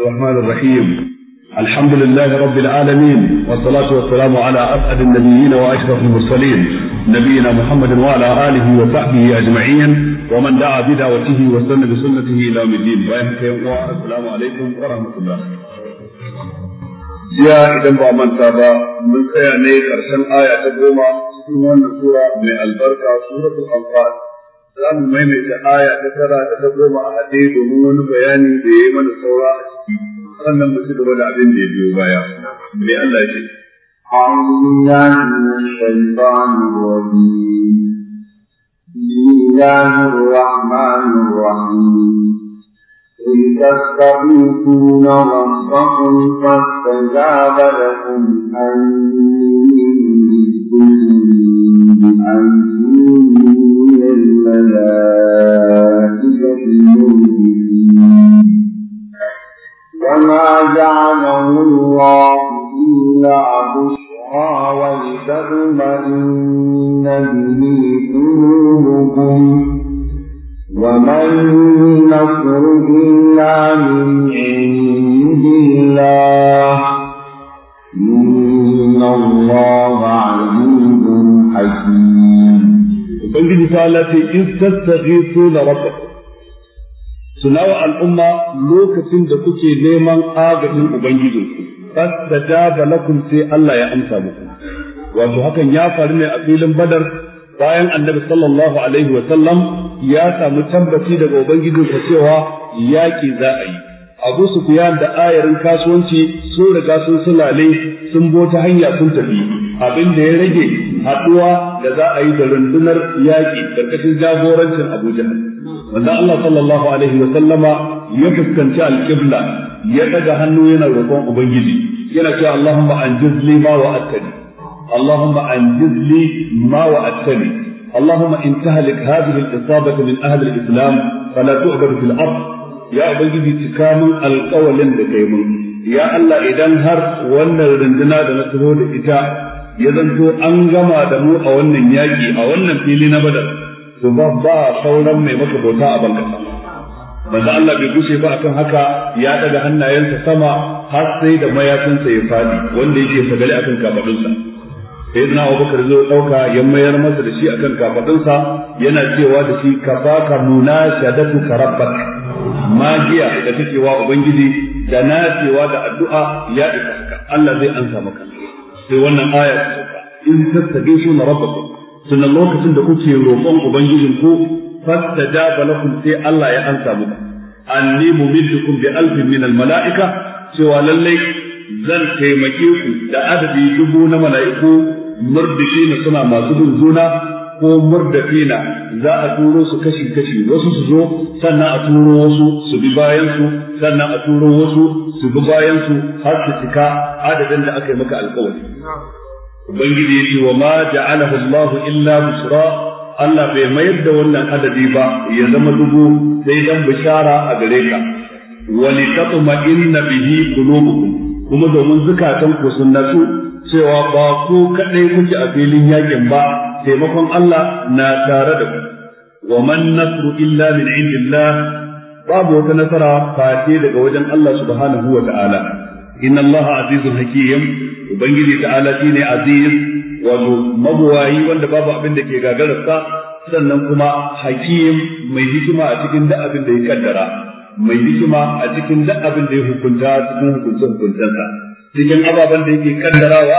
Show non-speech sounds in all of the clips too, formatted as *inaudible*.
الرحمن الرحيم الحمد لله رب العالمين والصلاة والسلام على أسعد النبيين وأشرف المرسلين نبينا محمد وعلى آله وصحبه أجمعين ومن دعا بدعوته وسن بسنته إلى يوم الدين السلام عليكم ورحمة الله يا idan ba manta من mun tsaya ne ƙarshen aya من البركة سورة wannan za mu maimaita aya ta tara da ta goma a haɗe domin wani bayani da ya yi mana saura a ciki sannan mu ci gaba da abin da ya biyo baya mai Allah ce أعوذ بالله من الشيطان الرجيم بسم الله الرحمن الرحيم إن تستغيثون ربكم فاستجاب لكم أني جئتكم بأيدي والملائكة المؤمنين وما جعله الله إلا بشرى ولتطمئن به قلوبكم وما النصر إلا من عند الله إن الله عزيز حكيم ubangiji ta Allah ce in tastaghithuna su sunawa al'umma lokacin da kuke neman agajin ubangijin ubangijinku da lakum sai Allah ya amsa muku wato hakan ya faru ne a filin badar bayan annabi sallallahu alaihi wa sallam ya samu tabbaci daga sa cewa yaki za a yi abu sufyan da ayarin kasuwanci sun riga sun sulale sun bota hanya sun tafi abin da ya rage haduwa da za a yi da rundunar yaki karkashin jagorancin Abu Jahal wanda Allah sallallahu alaihi wa sallama ya fuskanci al-qibla ya daga hannu yana roƙon ubangiji yana cewa an jizli ma wa attani. wa'adtani an jizli ma wa attani. wa'adtani اللهم إن تهلك هذه islam من أهل الإسلام فلا تعبد في الأرض يا أبي تكامل القول لك Ya Allah idan har wannan runduna da na taho da ita ya zanto an gama da mu a wannan yaƙi a wannan fili na badar to ba ba sauran mai maka bauta a banka manzo Allah bai gushe ba akan haka ya daga hannayensa sama har sai da mayafinsa ya fadi wanda yake sagale akan kafadunsa sai na Abu Bakar zo dauka ya mayar masa da shi akan kafadunsa yana cewa da shi ka baka nuna shadatu karabbak magiya da take wa ubangiji da nacewa da addu'a ya isa Allah zai ansa maka sai wannan aya ta sauka in tastabishuna rabbakum sannan lokacin da kuke roƙon ubangijin ku fastajaba lakum sai Allah ya ansa muku anni mumiddukum bi alfin min al mala'ika cewa lallai zan taimake ku da adadi dubu na mala'iku murdishina suna masu bin juna ko murdafina za a turo su kashi kashi wasu su zo sannan a turo wasu su bi bayan su sannan a turo wasu su bi bayan su har su cika adadin da aka yi maka alkawari ubangiji ya ce wa ma ja'alahu Allah illa busra Allah bai mayar da wannan adadi ba ya zama dubu sai dan bishara a gare ka wa litatma'inna bihi qulubukum kuma domin zukatan ku sun natsu cewa ba ku kadai kuke a filin yakin ba taimakon Allah na tare da ku wa man nasru illa min indillah babu wata nasara face daga wajen Allah subhanahu wa ta'ala inna Allah azizun hakim ubangiji ta'ala shine aziz wato mabuwayi wanda babu abin da ke gagararsa sannan kuma hakim mai hikima a cikin duk abin da ya kaddara mai hikima a cikin duk abin da ya hukunta cikin ababen da yake kaddarawa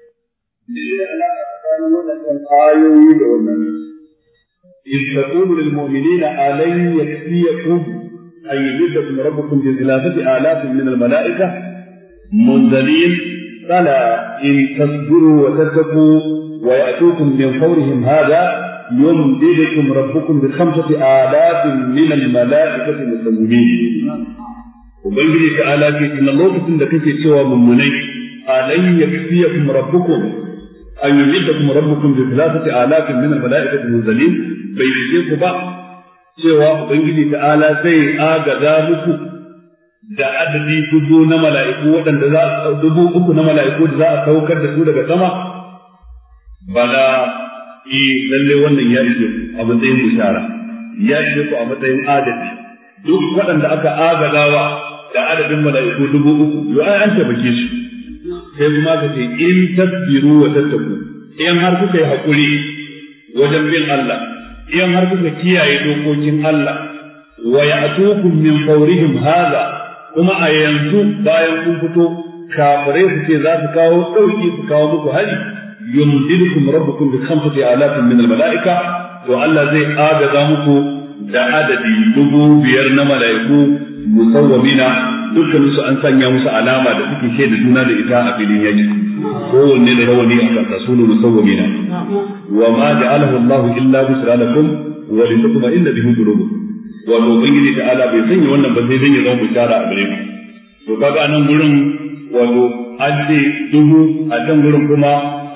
لله علاقة tsakanin waɗannan ayoyi da wannan إذ تقول للمؤمنين ألن يكفيكم أن يمدكم ربكم بثلاثة آلاف من الملائكة منزلين فلا إن تصبروا وتتقوا ويأتوكم من فورهم هذا يمددكم ربكم بخمسة آلاف من الملائكة مسلمين ubangiji ta ala ce ina lokacin da kake cewa mummunai alayya yakfiyakum rabbukum an yumiddakum rabbukum bi thalathati alafin min al-mala'ikati munzalin bai ishe ku ba cewa ubangiji ta'ala zai agaza muku da adadi dubu na mala'iku waɗanda za a dubu uku na mala'iku da za a saukar da su daga sama bala i lalle wannan ya ce a matsayin bishara ya ce ku a matsayin adadi duk waɗanda aka agazawa da adadin mala'iku dubu uku yau an tabbake su sai kuma ka ce in tasbiru wa tattaku in har kuka yi wajen bin Allah in har kuka kiyaye dokokin Allah wa ya'tukum min fawrihim haza kuma a yanzu bayan kun fito kafirai su ce za su kawo dauki su kawo muku hari yumdidukum rabbukum bi khamsati alafin min malaika to Allah zai agaza muku da adadi dubu biyar na mala'iku musawwamina dukkanin su an sanya musu alama da suke shaida juna da ita a filin yaki kowanne da rawani a kan rasulun musawwamina wa ma ja'alahu Allahu illa busra lakum wa litatma'inna bihi wa wato ubangiji ta ala bai sanya wannan ba sai dan ya zama bishara a gare ku to kaga nan gurin wato an ce dubu a can gurin kuma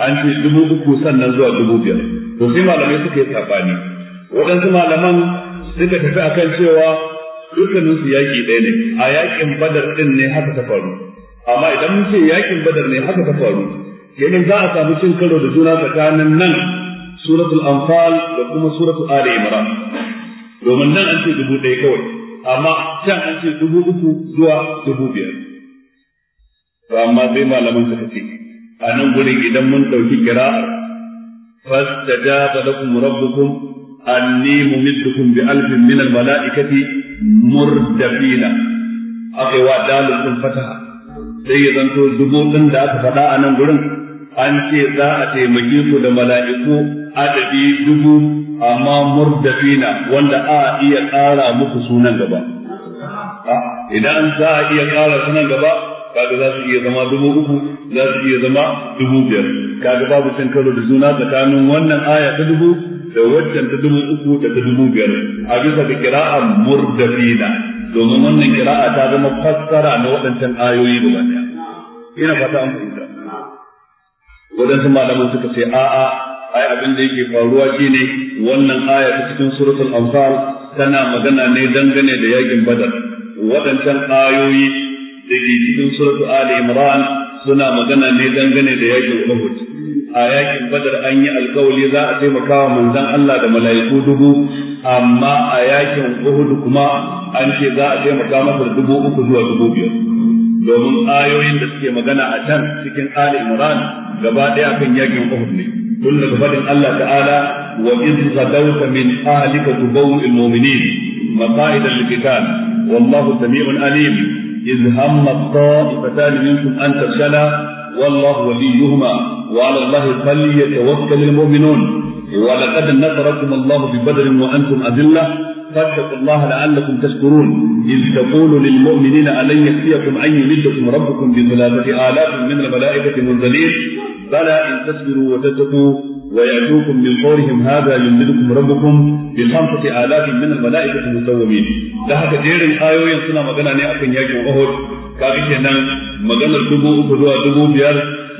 an ce dubu uku sannan zuwa dubu biyar to sai malamai suka yi sabani waɗansu malaman suka tafi akan cewa dukkanin su yaki ɗaya ne a yakin badar din ne haka ta faru amma idan mun ce yakin badar ne haka ta faru yayin za a samu cin karo da juna tsakanin nan suratul anfal da kuma suratul ali imran domin nan an ce dubu ɗaya kawai amma can an ce dubu uku zuwa dubu biyar to amma sai malaman suka ce a nan gurin idan mun ɗauki kira'ar fastajaba lakum rabbukum anni mumiddukum bi alfin min malaikati murdabina aka yi wa dalil din fataha sai ya zanto dubu din da aka faɗa a nan gurin an ce za a taimake su da mala'iku adadi dubu amma murdabina wanda a iya ƙara muku sunan gaba idan za a iya ƙara sunan gaba kaga za su iya zama dubu uku za su iya zama dubu biyar kaga babu cin karo da juna tsakanin wannan aya ta dubu da wajen ta dubu uku da ta dubu biyar a bisa da kira'a murdafina domin wannan kira'a ta zama fassara na waɗancan ayoyi gaba ɗaya ina fata an fahimta waɗansu malamai suka ce a'a ai abin da yake faruwa shine wannan aya ta cikin suratul anfal tana magana ne dangane da yakin badar waɗancan ayoyi da ke cikin suratul ali imran suna magana ne dangane da yakin uhud a yakin badar an yi alkawali za a taimaka wa manzon Allah da mala'iku dubu amma a yakin Uhud kuma an ce za a taimaka masa dubu uku zuwa dubu biyar domin ayoyin da suke magana a can cikin Ali Imran gaba ɗaya kan yakin Uhud ne tun daga faɗin Allah ta'ala wa iz zadawta min ahlika tubawwi'ul mu'minin maqaida lil wallahu samii'un alim إذ هم الطائفتان منكم أن تفشلا والله وليهما وعلى الله فليتوكل المؤمنون ولقد نصركم الله ببدر وانتم اذله فاتقوا الله لعلكم تشكرون اذ تقول للمؤمنين الن يكفيكم ان يمدكم ربكم بثلاثه الاف من الملائكه منزلين بلى ان تصبروا وتتقوا ويأتوكم من فورهم هذا يمددكم ربكم بخمسة آلاف من الملائكة مسومين ده haka jerin ayoyin suna magana ne akan yakin Uhud kaga kenan maganar dubu uku zuwa dubu biyar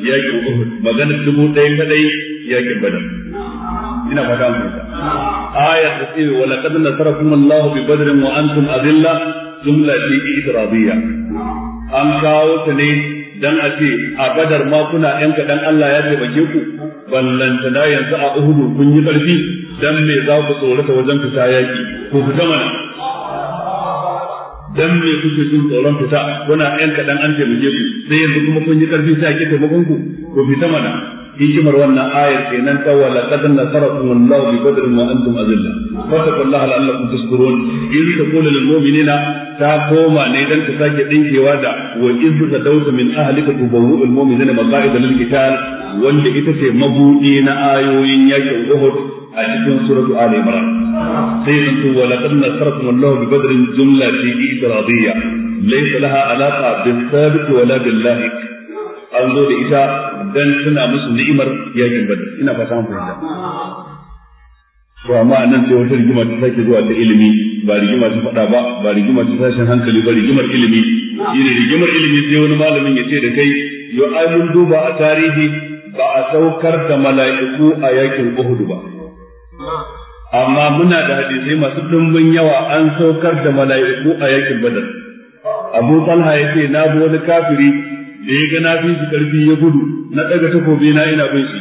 yakin Uhud maganar dubu ɗaya kadai yakin Badar ina fata mu aya ta ce wa laqad nasarakum Allahu bi wa jumla fi an kawo ta ne dan a ce a badar ma kuna yan kaɗan Allah ya ce bake ku ballanta da yanzu a uhudu kun yi ƙarfi dan me za ku tsorata wajen fita yaƙi ko ku gama dan me kuke jin tsoron fita kuna yan kaɗan an taimake ku sai yanzu kuma kun yi ƙarfi sai ake taimakon ku ko fita mana hikimar wannan ayar kenan ta wala qad nasarakum Allahu bi badrin wa antum azilla fattaqullaha la'allakum tashkurun in taqulu lil mu'minina ta koma ne dan ta sake dinkewa da wa iz tadawta min ahlika tubawwu al mu'minina maqa'ida lil qital wanda ita ce mabudi na ayoyin yakin Uhud a cikin suratu Ali Imran sai in to wala qad nasarakum Allahu bi badrin jumla fi itiradiyya laysa laha alaqa bis sabit wala bil lahik an zo da ita dan tuna musu ni'imar yakin badar ina fata mun fahimta to amma nan sai wata rigima ta sake zuwa ta ilimi ba rigima ta faɗa ba ba rigima ta sashen hankali ba rigimar ilimi shine rigimar ilimi sai wani malamin ya ce da kai yo ai mun duba a tarihi ba a saukar da mala'iku a yakin Uhud ba amma muna da hadisai masu dimbin yawa an saukar da mala'iku a yakin Badar Abu Talha ya ce na bi wani kafiri da ya ga na fi shi karfi ya gudu na daga takobi na ina bin shi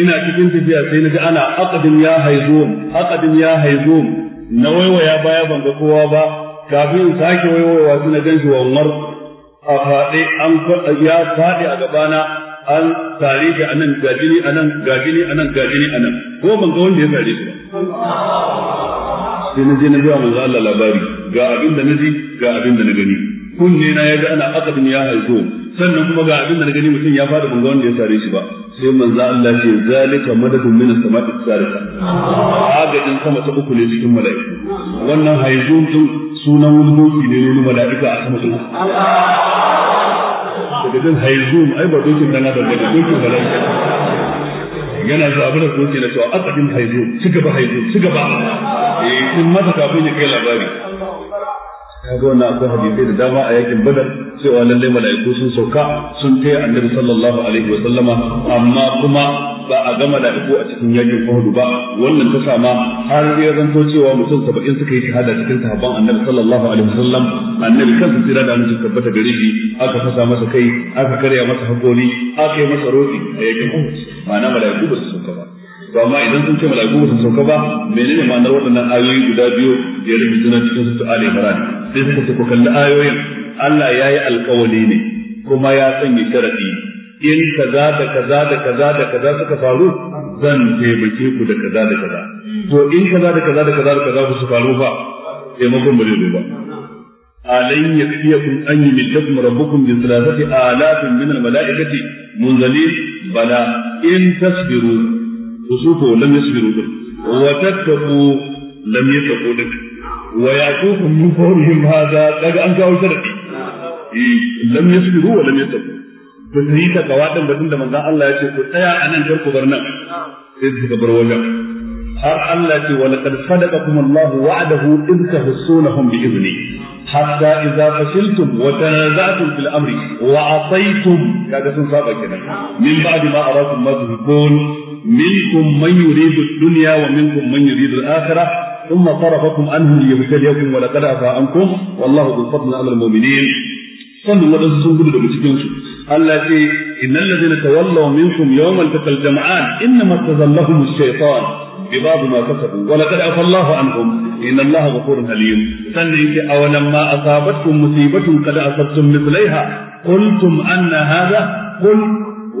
ina cikin tafiya sai na ga ana aqdin ya haizum aqdin ya haizum na waiwaya baya ban ga kowa ba kafin in sake waiwaya sai na ganshi wa a faɗe an ya faɗi a gabana an tare shi anan gajini anan gajini anan gajini anan ko ban ga wanda ya tare shi ba sai na je na biya manzo Allah labari ga abin da na ji ga abin da na gani kunne na ya ga ana aqdin ya haizum sannan kuma ga abin da na gani mutum ya fara banga wanda ya sare shi ba sai manzo Allah ce zalika madadun min as-sama'i sarika agadin sama ta uku ne cikin mala'iku wannan haizun tun sunan wani ne nuna mala'ika a sama tun daga jin haizun ai ba dokin nan da daga dokin mala'ika yana zuwa abin da ko ce na cewa akadin haizun su gaba haizun su gaba eh sun mata kafin ya kai labari kaga na akwai hadisai da dama a yakin badar cewa lallai mala'iku sun sauka sun taya annabi sallallahu alaihi wa sallama amma kuma ba a ga mala'iku a cikin yakin Uhud ba wannan ta sama har ya zanto cewa mutum saba'in suka yi shahada cikin sahabban annabi sallallahu alaihi wa sallam annabi kansa tsira da annabi tabbata gare shi aka fasa masa kai aka karya masa hakori aka yi masa roƙi a yakin Uhud ma'ana mala'iku ba su sauka ba to amma idan sun ce mala'iku ba su sauka ba menene ma'anar waɗannan ayoyi guda biyu da ya rubuta na cikin su Ali ne? sai suka ce ku kalli ayoyin Allah ya yi alkawali ne kuma ya sanya sharadi in kaza da kaza da kaza da kaza suka faru zan taimake ku da kaza da kaza to in kaza da kaza da kaza da kaza ku su faru fa taimakon ba zai ba alayhi yakfiyakum an yumillakum rabbukum bi thalathati alafin min al-mala'ikati munzalin bala in tasbiru وسوفوا لم يسبروا به وتتقوا لم يتقوا لك ويعطوكم من فورهم هذا قد أنكا وشرقي لم يسبروا ولم يتقوا فسيتا قواتم بدن لما ذا الله يقول فتايا أنا أنكرك برنا إذ تكبر وجهك har Allah ce wa laqad sadaqakum Allahu wa'adahu in tahsunahum bi izni hatta idza fashiltum wa tanaza'tum fil amri wa ataytum kaga sun saba kenan min ma منكم من يريد الدنيا ومنكم من يريد الآخرة ثم صرفكم عنهم ليبتليكم ولقد عفا عنكم والله ذو الفضل على المؤمنين sannan waɗansu sun gudu daga cikinsu Allah ce innal ladina tawallaw minkum yawmal taqal jam'an innama tazallahum ash-shaytan bi ba'd ma kasabu wa laqad afa Allahu anhum inna Allaha ghafurun halim sannan yake awalan ma asabatkum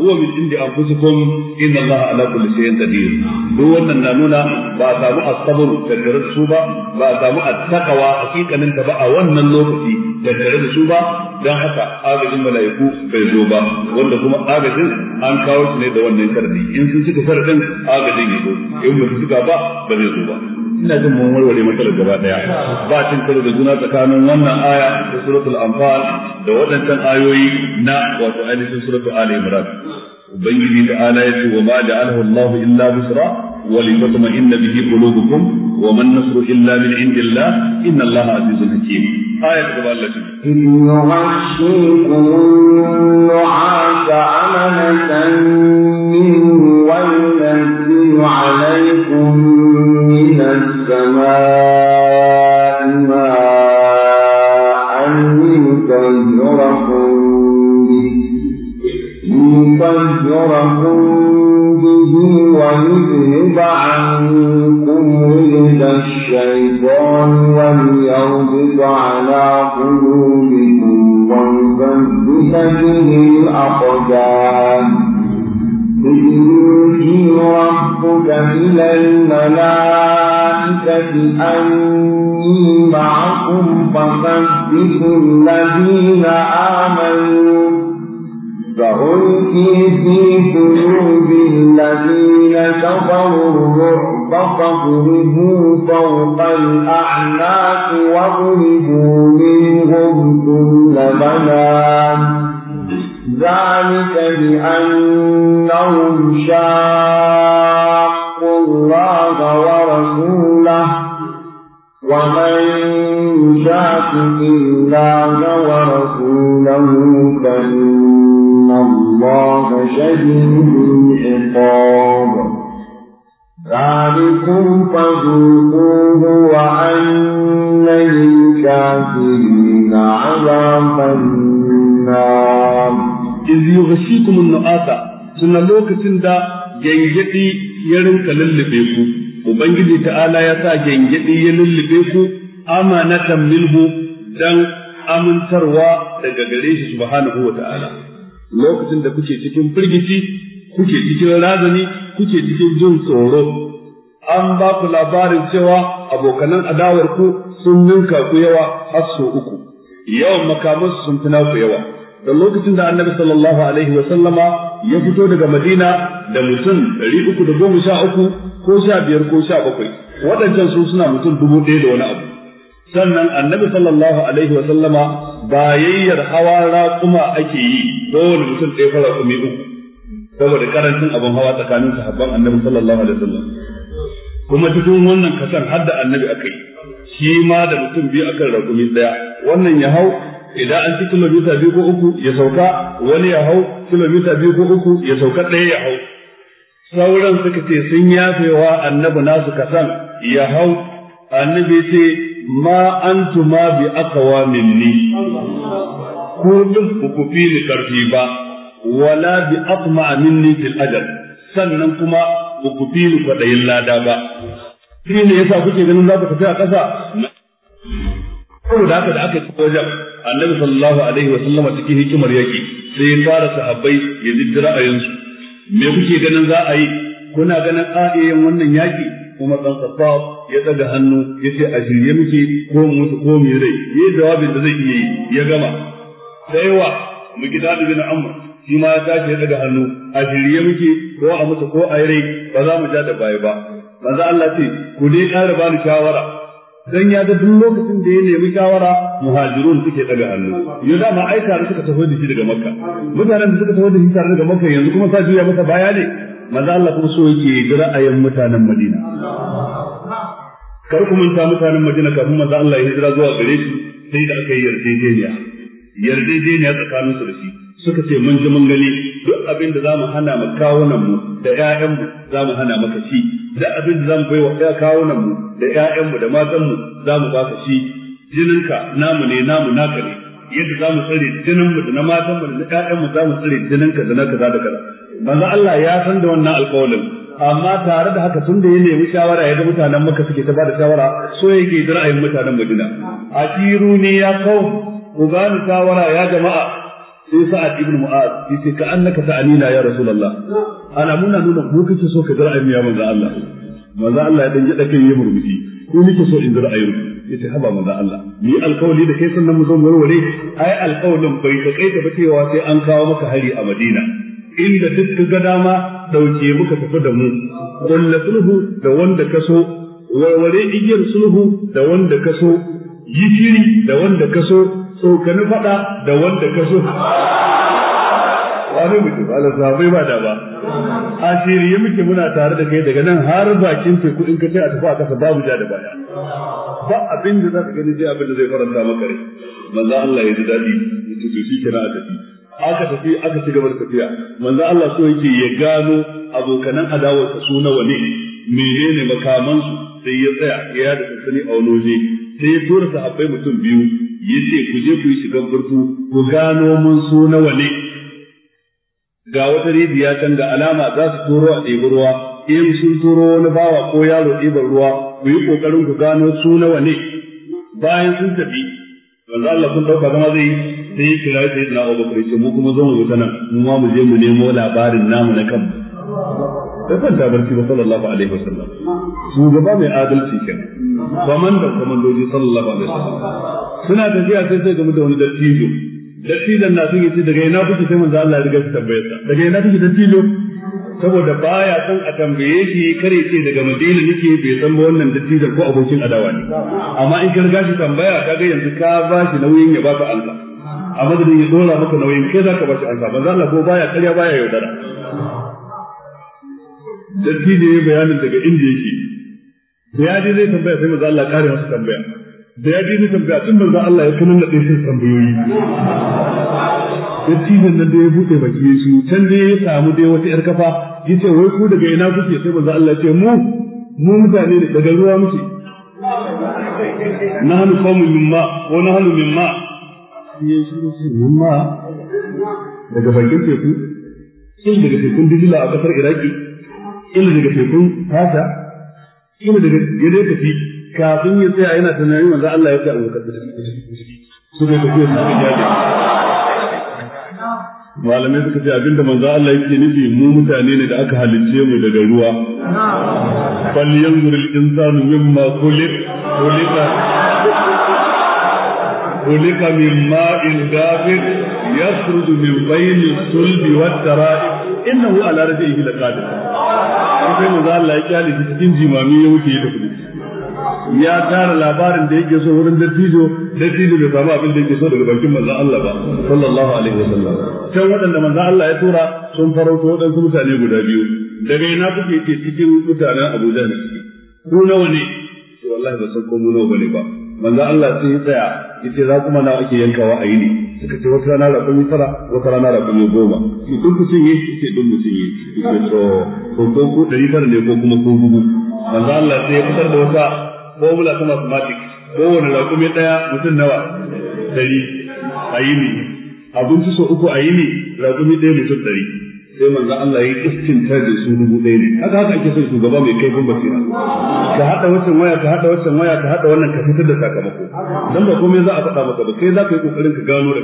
huwa min indi anfusikum inna allaha ala kulli shay'in qadir duk wannan na nuna ba a samu asabar tattare da su ba ba a samu attaqwa hakikanin ta ba a wannan lokaci tattare da su ba dan haka agajin mala'iku bai zo ba wanda kuma agajin an kawo shi ne da wannan karni in sun cika sharadin agajin ya zo in ba su cika ba ba zai zo ba ina jin mun warware matsalar gaba daya ba cin karo da juna tsakanin wannan aya da suratul anfal da waɗancan ayoyi na wato ainihin suratul ali imran ubangiji da ala yace wa ma ja'alahu allah illa busra wa li tatma'inna bihi qulubukum wa man nasru illa min indillah inna allah azizun hakim ayat gaba Allah ce in yughashikum nu'asa amanatan min wa yunzilu alayhi السماء ماء ليطهركم به به ويذهب عنكم رجل الشيطان وليربط على قلوبكم ويثبت به الأقدام يوحي ربك إلى الملائكة أني معكم فثبتوا الذين آمنوا فألقي في قلوب الذين كفروا الرعب فاضربوا فوق الأعناق واضربوا منهم كل بنان ذلك بأنهم شاقوا الله ورسوله ومن يشاقق الله ورسوله فإن الله شديد العقاب ذلكم فذوقوه وأن للكافرين عذاب النار iz yughshikum an-nu'asa suna lokacin da gengedi ya rinka lullube ku ubangiji ta'ala ya sa gengedi ya lullube ku amanatan minhu dan amintarwa daga gare shi subhanahu wa ta'ala lokacin da kuke cikin firgici kuke cikin razani kuke cikin jin tsoro an ba ku labarin cewa abokanan adawar ku sun ninka ku yawa har sau uku yawan makamansu sun fi ku yawa da lokacin da annabi sallallahu alaihi wa sallama ya fito daga madina da mutum ɗari uku da goma sha uku ko sha biyar ko sha bakwai waɗancan su suna mutum dubu ɗaya da wani abu sannan annabi sallallahu alaihi wa sallama bayayyar hawa raƙuma ake yi kowane mutum ɗaya fara kuma uku saboda karancin abin hawa tsakanin sahabban annabi sallallahu alaihi wa sallam kuma cikin wannan kasan har da annabi aka yi shi ma da mutum biyu akan raƙumi ɗaya wannan ya hau idan an ci kilomita biyu ko uku ya sauka wani ya hau kilomita biyu ko uku ya sauka ɗaya ya hau sauran suka ce sun yafewa annabi nasu kasan ya hau annabi ce ma antuma bi akawa minni ku duk ku fi ni karfi ba wala bi aqma minni fil ajal sannan kuma ku fi ni kwaɗayin lada ba shi ne yasa kuke ganin za ku tafi a ƙasa da haka da aka yi wajen annabi sallallahu alaihi wa sallama cikin hikimar yaki sai ya fara sahabbai ya a ra'ayinsu me kuke ganin za a yi kuna ganin a'ayen wannan yaki kuma dan khattab ya daga hannu yace a shirye muke ko mutu ko mu rai yi jawabin da zai iya yi ya gama sai wa mu gida da bin amr shi ma ya tashi ya daga hannu a shirye muke ko a mutu ko a rai ba za mu ja da baya ba manzo Allah ce ku dai ƙara ni shawara dan ya ga duk lokacin da ya nemi shawara muhajirun suke daga hannu yau da ma aita da suka tafi da shi daga makka mutanen da suka tafi da shi tare daga makka yanzu kuma sa juya masa baya ne manzo Allah kuma so yake ga ra'ayin mutanen Madina kar ku manta mutanen Madina kafin Maza Allah ya hijira zuwa gare shi sai da aka yi yarjejeniya yarjejeniya tsakanin su da shi suka ce mun ji mun gani duk abin da zamu hana mu kawunan mu da ƴaƴan mu zamu hana maka shi da abin da zamu baiwa ya kawo nan mu da ƴaƴan mu da matan mu zamu baka shi jininka namu ne namu naka ne yadda zamu tsare jinin mu da na matan mu da ƴaƴan mu zamu tsare jininka da na kaza da kaza manzo Allah ya san da wannan alƙawarin amma tare da haka tun da ya nemi shawara ya ga mutanen Makka suke ta bada shawara so yake da ra'ayin mutanen Madina asiru ne ya kawo ku ni shawara ya jama'a sai sa'ad ibn mu'az yace ka annaka ta'anina ya rasulullah alamu na nuna ko kake so ka ji ra'ayin ya manzo Allah manzo Allah ya dan ji kai ya murmushi ko nake so in ji ra'ayin yace haba manzo Allah ni alƙawari da kai sannan mu zo mu warware ai alƙawarin bai ka kai ba cewa sai an kawo maka hari a Madina inda duk ka ga dama dauke muka tafi da mu sulhu da wanda ka so warware igiyar sulhu da wanda ka so yi shiri da wanda ka so tsokani fada da wanda ka so wani mutum ala bai ba da ba a shirye muke muna tare da kai daga nan har bakin teku in ka a tafi a kasa babu ja da baya ba abin da za ka gani sai abin da zai faranta maka rai manzo Allah ya ji dadi ya ce to shi kira a tafi aka tafi aka ci gaba da tafiya manzo Allah so yake ya gano abokanan adawarsa su nawa ne menene makamansu sai ya tsaya ya da sassani a wani waje sai ya tura sahabbai mutum biyu ya ce ku je ku yi shigan burtu ku gano mun su nawa ne ga wata rijiya can ga alama za su turo a ɗebi ruwa in sun turo wani bawa ko yaro ɗiban ruwa ku yi ƙoƙarin ku gano su nawa ne bayan sun tafi wanda Allah sun ɗauka zama zai sai ya kira sai na Abu Bakar mu kuma zo mu ta nan mu ma mu je mu nemo labarin namu na kan da ta barci ba sallallahu alaihi wasallam shugaba mai adalci kenan kwamandan kwamandoji sallallahu alaihi wasallam suna tafiya sai sai mutane da wani dattijo dattijan na suke ce, daga yana kuke sai manzo Allah ya riga shi tambayar sa daga yana kuke dattijo saboda baya son a tambaye shi kare ce daga Madina nake bai san ba wannan dattijan ko abokin adawa ne amma in ka riga shi tambaya kaga yanzu ka ba shi nauyin ya ka Allah a madadin ya dora maka nauyin kai zaka ba shi Allah manzo Allah ko baya karya baya yaudara dattijo ya bayanin daga inda yake da ya je zai tambaya sai manzo Allah kare masa tambaya da ya ji ni tambaya din manzo Allah ya sanar da shi tambayoyi dattijan nan da ya buɗe baki ya can da ya samu da wata yar kafa ya ce wai ku daga ina kuke sai manzo Allah ya ce mu mu mutane da daga ruwa muke nahnu ko na hannu nahnu mimma ya shiru shi mimma daga bakin teku kin daga tekun dijila a kasar iraki kin daga tekun Fasa, kin daga gare tafi kafin ya tsaya yana tunanin manzo Allah ya ce abu kaddar su ne tafiya su ga malamai suka ce abinda manzo Allah yake nufi mu mutane ne da aka halicce mu daga ruwa fal yanzur al insanu mimma khuliq khuliqa khuliqa min ma'in dafiq يخرج من بين الصلب والترائب إنه على رجعه لقادر. Sai manzo Allah ya kyale cikin jimami ya wuce ya tara labarin da yake so wurin dattijo dattijo bai samu abin da yake so daga bakin manzon Allah ba sallallahu alaihi wasallam can waɗanda manzon Allah ya tura sun farauto waɗansu mutane guda biyu daga ina kuke ce cikin mutanen Abuja ne ku nawa ne wallahi ba san ko mu nawa bane ba manzo Allah sai ya tsaya yace za kuma na ake yankawa a yi ne suka ce wata rana raƙumi tara wata rana raƙumi goma ki duk sun yi ce duk sun yi ce to ko ko ɗari tara ne ko kuma ko gugu manzo Allah sai ya fitar da wata formula ta ko wani raƙumi ɗaya mutum nawa dari a yi ne abinci sau uku a yi ne raƙumi ɗaya mutum dari sai manzo Allah ya istinta da su dubu ɗaya ne haka haka ake son shugaba mai kaifin basira ka hada wancan waya ka hada wancan waya ka hada wannan ka fitar da sakamako dan ba komai za a faɗa maka ba kai za ka yi kokarin ka gano da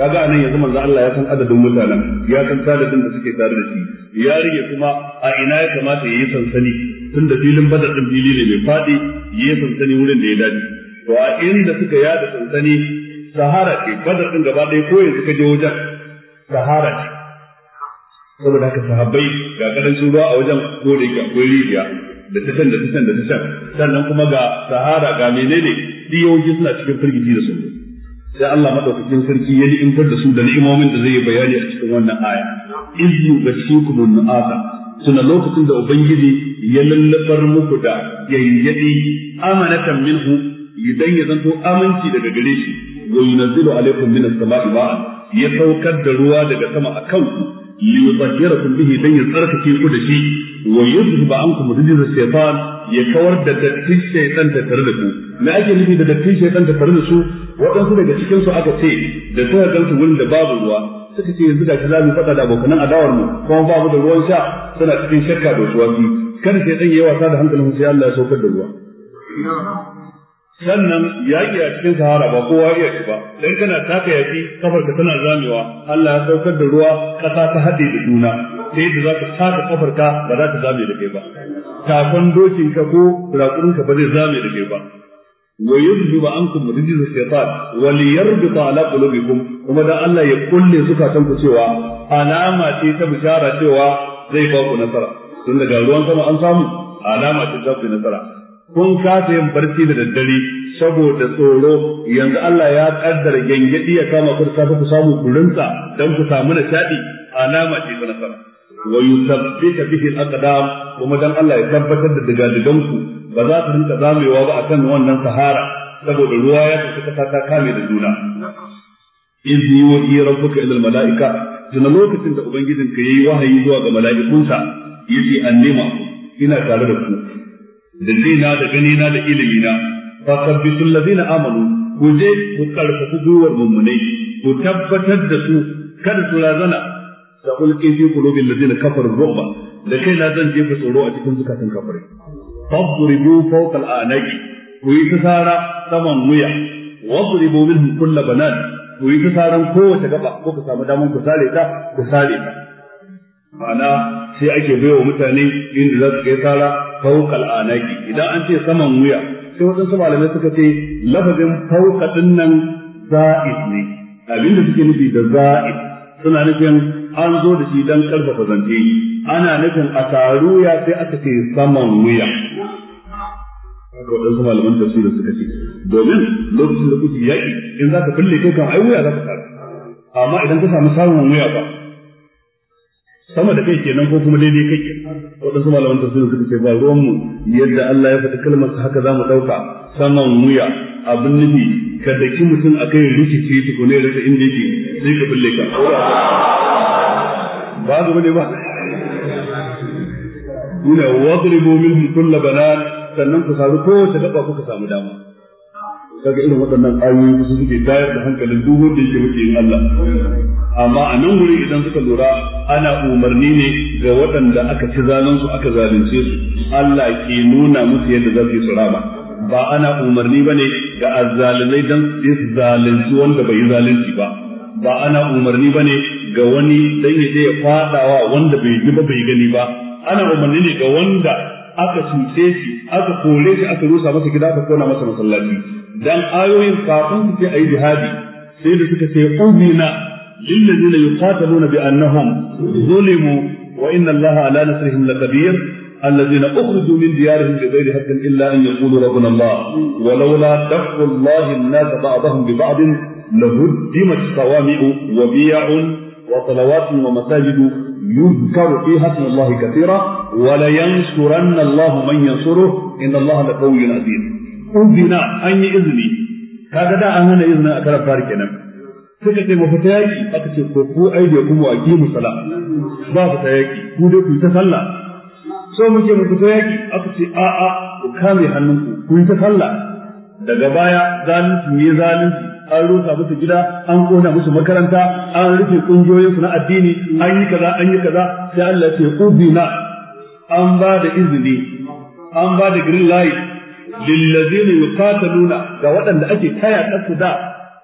kaga anan yanzu manzo Allah ya san adadin mutanen ya san sadadin da suke tare da shi ya rige kuma a ina ya kamata yayi sansani tun da filin badar din fili ne mai faɗi ya sansani wurin da ya dace to a inda suka yada sansani sahara ce badar din gaba ɗaya ko yanzu ka je wajen sahara ce saboda haka sahabbai ga karancin ruwa a wajen ko da yake akwai rijiya da ta can da ta can da ta can sannan kuma ga sahara ga menene diyoji suna cikin firgici da su. sai Allah madaukakin sarki ya ni'imtar da su da ni'imomin da zai bayani a cikin wannan aya iz yubashshikum an-nu'asa tuna lokacin da ubangiji ya lallabar muku da yayyadi amanatan minhu idan ya zanto aminci daga gare shi wa yunzilu alaikum minas sama'i ma'an ya saukar da ruwa daga sama a kanku li yutahhirakum bihi dan ya tsarkake ku da shi wa yuzhiba ankum rijza shaytan ya kawar da dattin shaytan da tare da ku me ake nufi da dattin shaytan da tare da su waɗansu daga cikin su aka ce da suka gansu wurin da babu ruwa suka ce yanzu gashi za mu faɗa da abokanan adawar mu kuma ba mu da ruwan sha suna cikin shakka da wasu wasu kada sai dan yayi wasa da hankalin sai Allah ya saukar da ruwa sannan yaƙi a cikin sahara ba kowa iya ci ba dan kana taka yaƙi kafar ka tana zamewa Allah ya saukar da ruwa ƙasa ta haɗe da juna sai da za ka taka kafar ka ba za ta zame da kai ba dokin ka ko raƙurin ka ba zai zame da kai ba ويذهب عنكم رجز الشيطان وليربط على قلوبكم kuma dan Allah ya kulle zukatan ku cewa alama ce ta bishara cewa zai ba ku nasara tun daga sama an samu alama ce ta ku nasara kun kasa yin barci da daddare saboda tsoro yanzu Allah ya kaddara gengedi ya kama ku safa ku samu kurinsa dan ku samu nishadi alama ce ta nasara wa yuthabbita bihi al-aqdam kuma dan Allah ya tabbatar da digadigan ku ba za su rinka zamewa ba akan wannan sahara saboda ruwa ya tafi kasa ta kame da juna iz yuhi rabbuka ila almalaika tuna lokacin da ubangijin ka yayi wahayi zuwa ga mala'ikunsa yace annima ina tare da ku da dina da na da na. fa sabbitul ladina amanu ku je ku karfafi gwiwar mummunai ku tabbatar da su kada su razana da ulqi fi qulubil ladina kafaru ru'ba da kai na zan jefa tsoro a cikin zukatan kafare fadribu fawqa al-anaki ku yi tsara saman wuya wadribu minhum kull banan ku yi tsaran kowace gaba ko ku samu daman ku sare ta ku sare ta ma'ana sai ake baiwa mutane inda za su kai tsara fawqa al-anaki idan an ce saman wuya sai waɗansu malamai suka ce lafazin fawqa dinnan nan za'id ne abinda suke nufi da za'id suna nufin an zo da shi dan karfafa zance ana nufin a karuya sai aka ce saman wuya haka waɗansu malaman tafsirin suka ce domin lokacin da kuke yaƙi in za ka fille kai kan ai wuya za ka samu amma idan ka samu samun wuya ba sama da kai kenan ko kuma daidai kai kenan waɗansu malaman tafsirin suka ce ba ruwan mu yadda Allah ya faɗi kalmar haka za mu ɗauka saman wuya abin nufi ka daki mutum akan rikici tukune rasa inda yake sai ka fille ka ba ga ne ba shine wadribu minhu kullu banan sannan ku samu ta gaba kuka samu dama kaga irin waɗannan ayoyi su suke tayar da hankalin duk wanda yake muke yin Allah amma a nan guri idan suka lura ana umarni ne ga waɗanda aka ci zalunsu aka zalunce su Allah ke nuna musu yadda za su yi surama ba ana umarni ba ne ga azzalumai don su zalunci wanda bai yi zalunci ba ba ana umarni ba ne ga wani dan ya je ya fadawa wanda bai ji ba bai gani ba ana umarni ne ga wanda aka cuce shi aka kore shi aka rusa masa gida aka kona masa masallaci dan ayoyin kafin su ce ayi jihadi sai da suka ce ubina lillazina yuqataluna bi annahum zulimu wa inna allaha ala nasrihim laqadir الذين أخرجوا من ديارهم بغير حق إلا أن يقولوا ربنا الله ولولا دفع الله الناس بعضهم ببعض لهدمت صوامع وبيع وصلوات ومساجد يذكر فيها اسم الله كثيرا ولينصرن الله من ينصره إن الله لقوي عزيز أذن أن إذني kaga da an hana izinin a karar fari kenan suka ce mu fita yaƙi? aka ce ko ai da kuma aki musala ba fita yaki ku dai ku ta sallah so muke mu fita yaƙi? aka ce a a ku kame hannunku ku ta sallah daga baya zalunci ne zalunci an rusa musu gida an kona musu makaranta an rufe kungiyoyin su na addini an yi kaza an yi kaza sai Allah ce ubina an ba da izini an ba da green light lillazina yuqataluna ga waɗanda ake kaya kasu da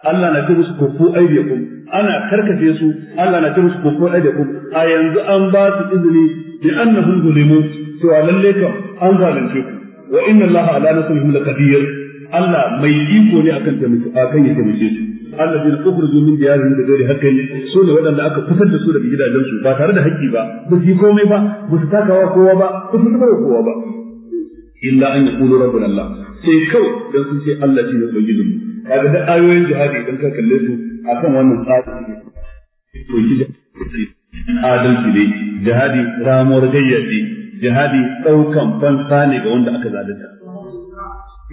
Allah na ji musu kofu aidiyakum ana karkace su Allah na ji musu kofu aidiyakum a yanzu an ba su izini bi annahum zulimu to lalle kam an zalunce ku wa inna Allah ala nasrihim laqadir Allah mai iko ne akan taimaki akan ya taimake su Allah bin ukhruju min diyarihim bi ghairi haqqin su ne waɗanda aka fitar da su daga su ba tare da haƙƙi ba ba su yi komai ba ba su takawa kowa ba ba su kuma kowa ba illa an yaqulu rabbuna Allah sai kawai dan sun ce Allah shi ne ubangijin mu kaga da ayoyin jihadi dan ka kalle su akan wannan tsari to shi da adalci ne jihadi ramuwar gayyace jihadi daukan fansa ne ga wanda aka zalunta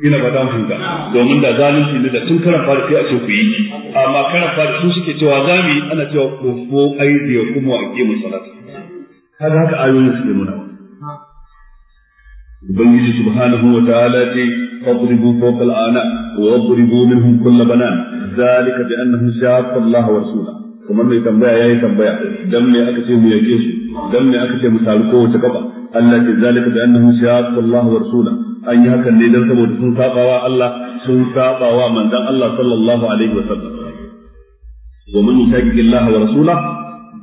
ina ba da mutunta domin da zalunci ne da tun karan fara sai a ce ku yi amma karan fara su suke cewa za mu yi ana cewa ku ko aidiya kuma a ke musalata kaga haka ayoyin suke nuna ubangiji subhanahu wa ta'ala ce fadribu fawqa al'ana wa wadribu minhum kull banan zalika bi annahum shaqqa Allah wa rasulahu kamar mai tambaya yayi tambaya dan me aka ce mu yake su dan me aka ce mu taru kowace kafa Allah ce zalika bi annahum shaqqa Allah wa rasulahu an yi hakan ne dan saboda sun sabawa Allah sun sabawa manzon Allah sallallahu alaihi wa sallam wa man yushaqiqi Allah wa rasulahu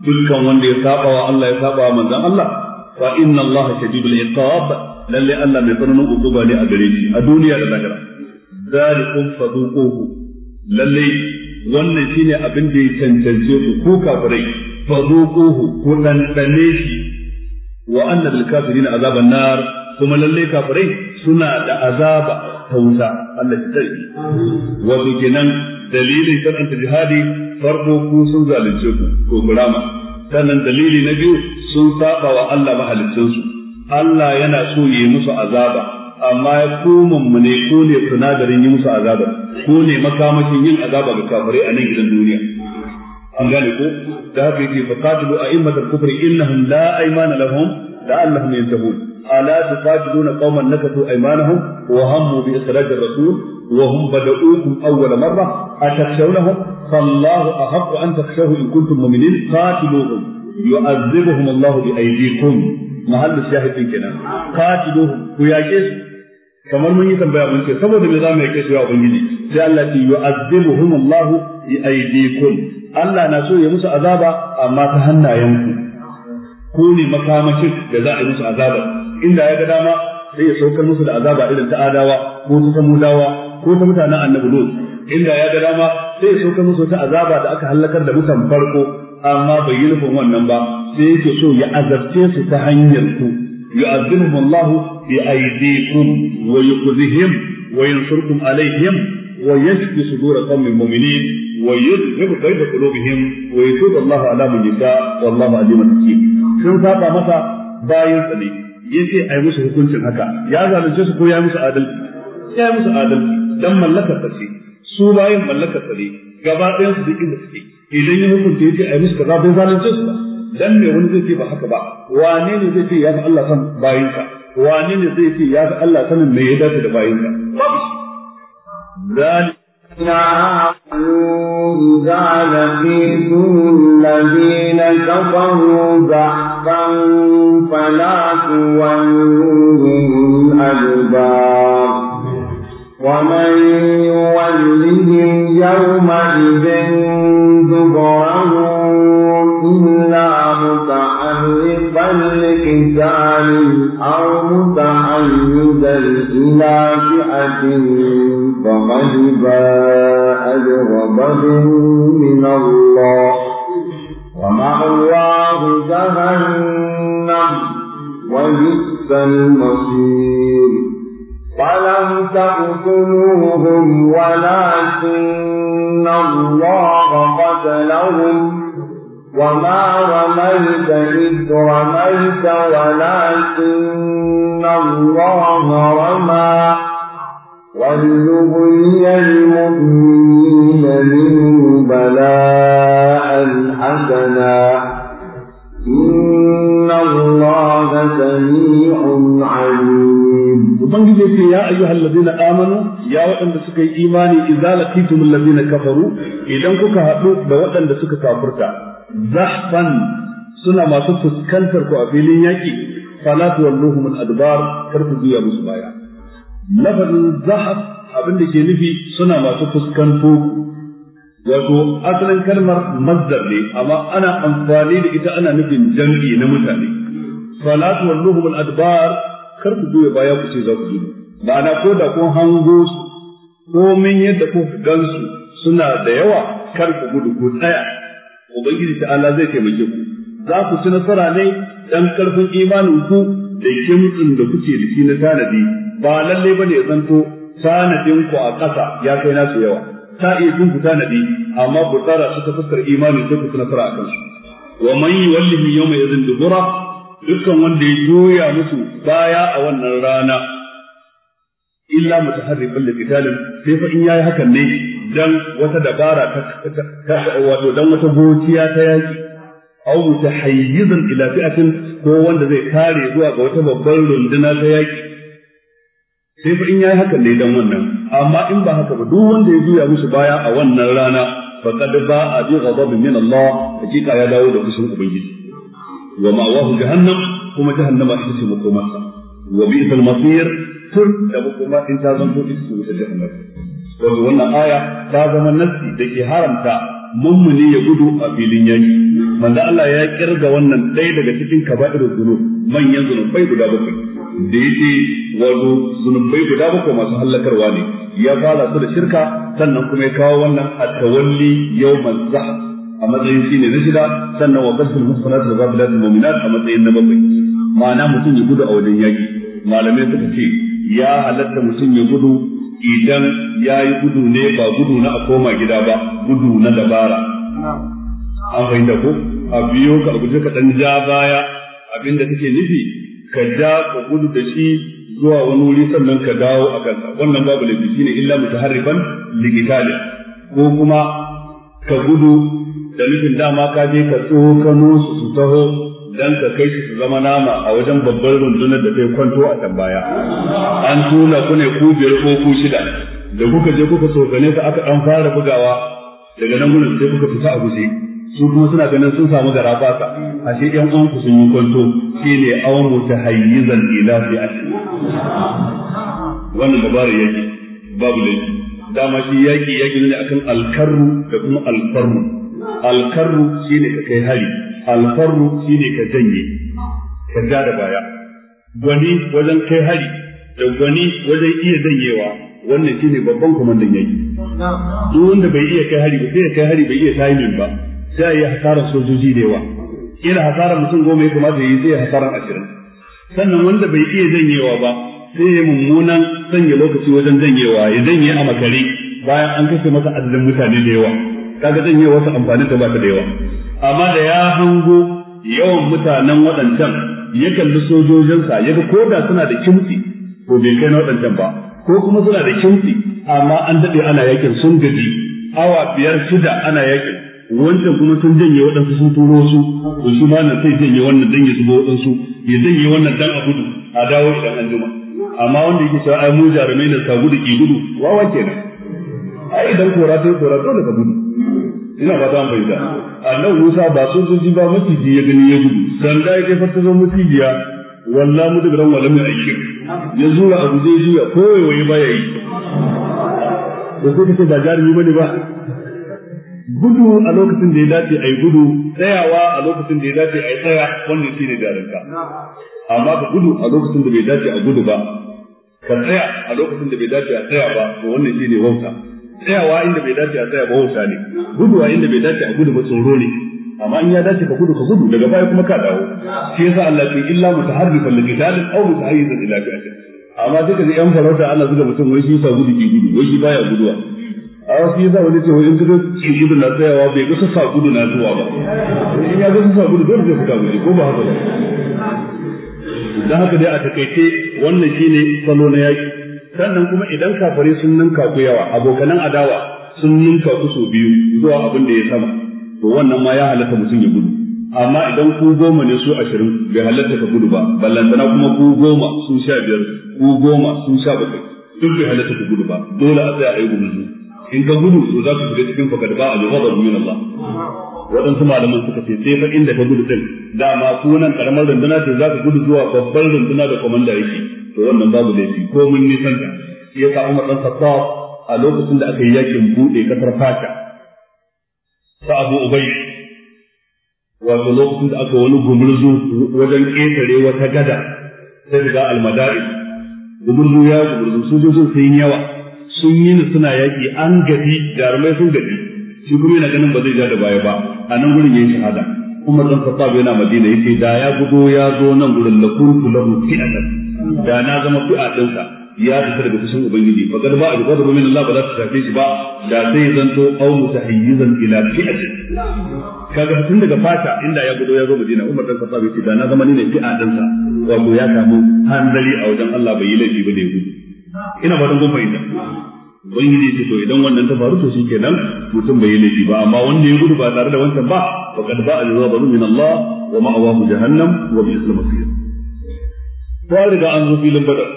dukkan wanda ya sabawa Allah ya sabawa manzon Allah fa inna Allah shadidul iqab lalle Allah mai tsananin ukuba ne a gare shi a duniya da lahira zalikum faduquhu lalle wannan shine abin da ya cancance ku ko kafirai faduquhu ku dan dane shi wa anna lil kafirin azaban nar kuma lalle kafirai suna da azaba ta wuta Allah ya tsare wato kenan dalilin shar'anta jihadi farko ku sun zalunce ku ko burama sannan dalili na biyu sun saba wa Allah mahaliccin su Allah yana so yi musu azaba amma ya ku mummune ko ne sunadarin yi musu azaba ko ne makamashin yin azaba ga kafirai a nan gidan duniya an gane ko da haka yake faqatilu a'immatul kufri innahum la aymana lahum la'allahum yantahun ألا تقاتلون قوما نكثوا أيمانهم وهموا بإخراج الرسول وهم بدؤوكم أول مرة أتخشونهم فالله أحق أن تخشوه إن كنتم مؤمنين قاتلوهم يعذبهم الله بأيديكم محل الشاهد في كنا قاتلوهم ويعكس kamar mun yi tambaya mun ce saboda me za mu yake cewa ubangiji sai Allah ya yu'azzibuhum Allah bi aydikum Allah na so ya musu azaba amma ta hannayen ku ne makamashin da za a yi musu azaba inda ya ga dama sai ya saukar musu da azaba irin ta adawa ko ta samudawa ko ta mutanen annabi lut inda ya ga dama sai ya saukar musu ta azaba da aka halakar da mutan farko amma bai yi nufin wannan ba sai yake so ya azabce su ta hanyar ku yu'azzimuhum Allah bi aydikum wa yukhzihim wa yansurukum alaihim wa yashfi sudur qaumin mu'minin wa yuzhibu ghaiba qulubihim wa yatubu Allah ala man yasha wallahu alimun hakim sun saba masa bayan tsare a yi musu hukuncin haka ya zalunce su ko ya musu adalci ya yi musu adalci dan mallakar ta ce su bayan mallakar sa ne gaba ɗayan su duk inda suke idan ya hukunta a yi musu kaza bai zalunce su ba dan me wani zai ce ba haka ba wane ne zai ce ya fi Allah san bayinka. sa wane ne zai ce ya fi Allah sanin me ya dace da bayin sa babu ذلك إذا لقيتم الذين كفروا بعد حقا فلا تولوه الأدبار ومن يولهم يومئذ دبره إلا متحرفا لقتال أو متحيزا إلى فئة فقد باء بغضب من الله ومأواه جهنم وبئس المصير فلم تقتلوهم ولكن الله قتلهم وما رميت إذ رميت ولكن الله رمى وليبلي المؤمنين منه بلاء ربنا إن الله سميع عليم وبنجي يا أيها الذين آمنوا يا وأن سكي إيماني إذا لقيتم الذين كفروا إذا كوكا هدو بوأن سكي a filin سنة ما تفسكنتر كوافيلين يكي فلا تولوهم الأدبار كرتدوا abin da ke nufi suna masu fuskanto wato asalin kalmar mazdar ne amma ana amfani da ita ana nufin jam'i na mutane salatu wal al-adbar kar ku goye baya ku ce za ku Ba na ko da kun hango su ko min yadda ku gansu suna da yawa kar ku gudu ku tsaya ubangiji Allah zai taimake ku za ku ci nasara ne dan karfin imanin ku da kimtsin da kuke da shi na tanadi ba lalle bane ya zanto tanadin ku a ƙasa ya kai nasu yawa ta iya jin guda nabi amma ku tsara su ta fuskar imani sai ku nasara a kansu wa man yuwallihi yawma yadhin dubura dukkan wanda ya juya musu baya a wannan rana illa mutaharrifan li qitalin sai fa in yayi hakan ne dan wata dabara ta wato dan wata gociya ta yaki aw mutahayyizan ila fi'atin ko wanda zai kare zuwa ga wata babbar runduna ta yaki sai fa in yayi hakan ne dan wannan amma in ba haka ba duk wanda ya juya musu baya a wannan rana ba a bi ghadabin min Allah hakika ya dawo da kusun ubangiji wa ma wa jahannam kuma jahannama ita ce makomarsa wa bi'sal masir tun da makoma in ta zanto ita ce wuta jahannam wato wannan aya ta zama nasi da ke haramta mummuni ya gudu a filin yanki manzo Allah ya kirga wannan ɗaya daga cikin kaba'irul dhunub manyan zunubai guda bakwai da yake wato zunubai guda bakwai masu hallakarwa ne ya fara su da shirka sannan kuma ya kawo wannan a tawalli yau manza a matsayin ne na shida sannan wa kasar muslimat da zabilat mu'minat a matsayin na bakwai ma'ana mutum ya gudu a wajen yaki malamai suka ce ya halatta mutum ya gudu idan ya yi gudu ne ba gudu na a koma gida ba gudu na dabara an fahimta ko a biyo ka a guje ka dan ja baya abinda kake nufi ka ja ka gudu da shi zuwa wani wuri sannan ka dawo a kansa wannan babu laifi shine illa mutaharriban ligitali ko kuma ka gudu da nufin dama ka je ka tsokano su su taho dan ka kai su zama nama a wajen babbar rundunar da kai kwanto a can baya an tura ku ne ku biyar ko ku shida da kuka je kuka tsokane su aka dan fara bugawa daga nan gudu sai kuka fita a guje su kuma suna ganin sun samu gara baka a shi ɗan uwan ku sun yi kwanto shi ne awon ta hayyizan ila fi asiri wannan dabarar yaki babu laifi dama shi yaki yaki ne akan alkarru da kuma alfarru alkarru shi ne ka kai hari alfarru shi ne ka janye ka ja da baya gwani wajen kai hari da gwani wajen iya janyewa wannan shi ne babban kwamandan yaki duk wanda bai iya kai hari ba sai ya kai hari bai iya timing ba sai ya hasara sojoji da yawa ina hasara mutum goma ya kamata yi sai ya ashirin sannan wanda bai iya janyewa ba sai ya mummunan sanya lokaci wajen janyewa ya janye a makare bayan an kashe masa adadin mutane da yawa kaga janye wasu amfani da ba ta da yawa amma da ya hango yawan mutanen waɗancan ya kalli sojojinsa ya ga ko da suna da kimti ko bai kai na waɗancan ba ko kuma suna da kimti amma an daɗe ana yakin sun gaji awa biyar shida ana yakin wancan kuma sun janye waɗansu sun turo su to shi ma nan sai janye wannan dan ya zubo waɗansu ya janye wannan dan a gudu a dawo idan an juma amma wanda yake cewa ai mu jarumai na sa gudu ki gudu wace na?" ai idan kora sai kora dole ka gudu ina ba ta bai da annabi Musa ba sun sun ji ba ji ya gani ya gudu sanda ya kai fata zo macijiya walla mu da ran wala mai aiki ya zura abu zai juya ko waye ya yi da sai kace ba jarumi bane ba gudu a lokacin da ya dace a yi gudu tsayawa a lokacin da ya dace a yi tsaya wannan shi ne jarinka amma ka gudu a lokacin da bai dace a gudu ba ka tsaya a lokacin da bai dace a tsaya ba to wannan shi ne wauta tsayawa inda bai dace a tsaya ba wauta ne gudu a inda bai dace a gudu ba tsoro ne amma in ya dace ka gudu ka gudu daga baya kuma ka dawo shi yasa Allah ke illa mutaharrifan liqitalin aw mutahayyizan ila bi'atin amma duka da yan farauta ana zuga mutum wai shi yasa gudu ke gudu wai shi baya guduwa a wasu yi za wani ce in su gudu na tsayawa bai ga sassa gudu na zuwa ba in ya ga sassa gudu dole zai fita gudu ko ba haka ba don haka dai a takaice wannan shine salo na yaki sannan kuma idan kafare sun ninka ku yawa abokanan adawa sun ninka ku sau biyu zuwa abin da ya sama to wannan ma ya halatta mutum ya gudu amma idan ku goma ne su ashirin bai halatta ka gudu ba ballantana kuma ku goma su sha biyar ku goma su sha bakwai duk bai halatta ku gudu ba dole a tsaya a yi gudu in ka gudu to za ka fita cikin fakad ba a jawaba min ba. waɗansu malaman suka ce sai fa inda ka gudu din dama sunan ƙaramar runduna ce za ka gudu zuwa babbar runduna da komanda yake to wannan babu laifi ko mun nisan ta shi ya samu dan Khattab a lokacin da aka yi yakin bude kasar Fasha sa Abu Ubay wato lokacin da aka wani gumurzu wajen ƙetare wata gada ta shiga almadari gumurzu ya gumurzu sojojin sun yawa sun yi ni suna yaƙi an gaji jarumai sun gaji shi kuma yana ganin ba zai ja da baya ba a nan gurin yayin shahada kuma dan sabab yana madina yace da ya gudo ya zo nan gurin la kuntu lahu fi'atan da na zama fi'a dinsa ya isa daga kusan ubangiji fa kad ba al-ghadab min Allah ba za ta shafe shi ba da sai zanto au mutahayyizan ila fi'atin kaga tun daga fata inda ya gudo ya zo madina umar dan sabab yace da na zama ni ne fi'a dinsa wato ya samu hanzari a wajen Allah bai yi laifi ba da ya gudu ina fatan kun fahimta ubangiji ce to idan wannan ta faru to shikenan mutum bai yi laifi ba amma wanda ya gudu ba tare da wancan ba faqad ba'a jazaban min Allah wa ma'awahu jahannam wa bi'sal masir ba riga an zo filin badar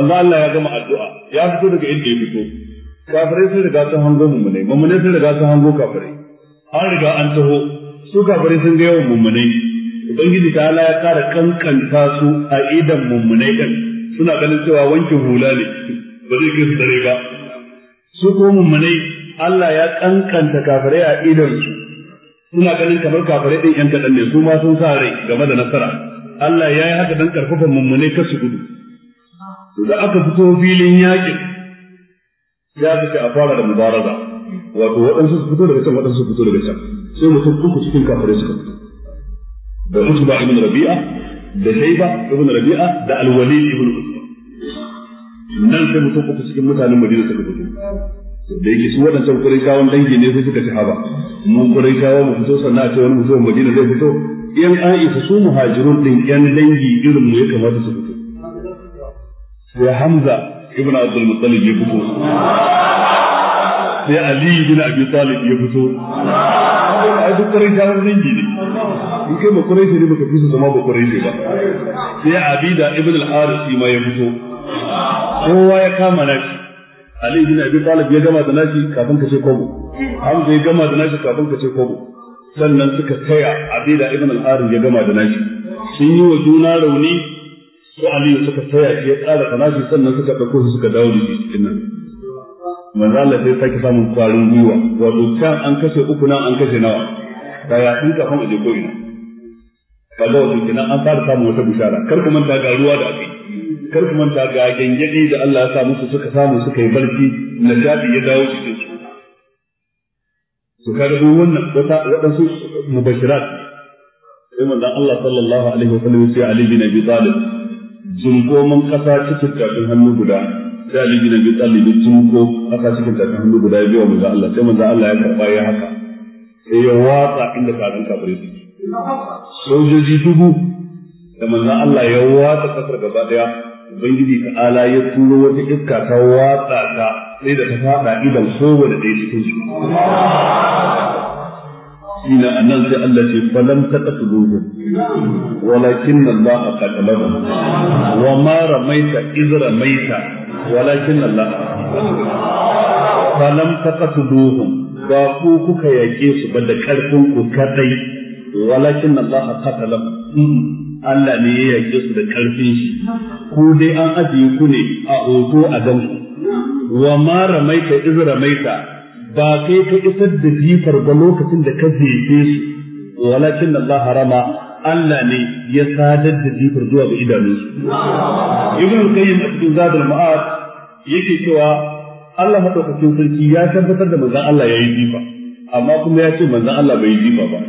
Allah Allah ya gama addu'a ya fito daga inda ya fito kafirai sun riga sun hango mummunai mummunai sun riga sun hango kafirai an riga an taho su kafirai sun ga yawan mummunai ubangiji ta Allah ya kara kankanta su a idan mummunai din suna ganin cewa wankin hula ne ba zai kai su dare ba su ko mummunai Allah ya kankanta kafirai a idan su suna ganin kamar kafirai din yan kadan ne su ma sun sa rai game da nasara Allah ya yi haka dan karfafa mummunai kar su gudu to da aka fito filin yakin ya fice a fara da mubaraza wato waɗansu su fito daga can waɗansu su fito daga can sai mutum uku cikin kafirai suka fito da mutum ba ibn rabi'a da shaiba ibn rabi'a da al-walid ibn usman nan sai mutum uku cikin mutanen Madina suka fito da yake su waɗancan kuraikawan dangi ne sai suka ci haba Mu kuraikawa mu fito sannan a ce wani mutum Madina zai fito yan Aisha su muhajirun din yan dangi irin mu ya kamata su fito sai Hamza ibn Abdul Muttalib ya fito sai Ali ibn Abi Talib ya fito ai duk kuraikawan dangi ne in kai bakurai ne baka fi su zama bakurai ne ba sai abida ibn al-arisi ma ya fito kowa ya kama nashi ali ibn abi talib ya gama da nashi kafin ka ce kobo hamza ya gama da nashi kafin ka ce kobo sannan suka taya abida ibn al-arisi ya gama da nashi sun yi wa juna rauni su aliyu suka taya shi ya tsara ta nashi sannan suka ɗauko shi suka dawo da shi cikin nan manzo Allah sai take samun kwarin gwiwa wato can an kashe uku nan an kashe nawa da ya tun kafin a ko ina kaga wato kenan an fara samun wata bishara kar ku manta ga ruwa da abin kar ku manta ga gengedi da Allah ya sa musu suka samu suka yi barci nishadi ya dawo cikin su su kaga wannan wata su mubashirat sai manzo Allah sallallahu alaihi wa sallam sai Ali bin Abi Talib mun kasa cikin tafin hannu guda sai Ali bin Abi Talib jinko aka cikin tafin hannu guda ya biya manzo Allah sai manzo Allah ya karba ya haka sai ya watsa inda kafin kafirai sojoji dubu da manzan Allah ya watsa kasar gaba daya ubangiji ta ala ya turo wata iska ta watsa ta sai da ta fada idan da ɗaya cikin su ina annan sai Allah ce falam dubu, walakin Allah qatalahu wa ma ramaita iz ramaita walakin ta falam dubu ba ku kuka yake su ba da karfin ku kadai walakin Allah qatalahu Allah ne ya yake su da karfin shi Ko dai an ajiye ku ne a hoto a gan wa ma ramaita iz ramaita ba kai ka isar da jifar ba lokacin da ka jefe su walakin Allah rama Allah ne ya sadar da jifar zuwa ga idanunsu ibn qayyim a cikin zadul ma'ad yake cewa Allah madaukakin sarki ya tabbatar da manzon Allah yayi jifa amma kuma ya ce manzon Allah bai jifa ba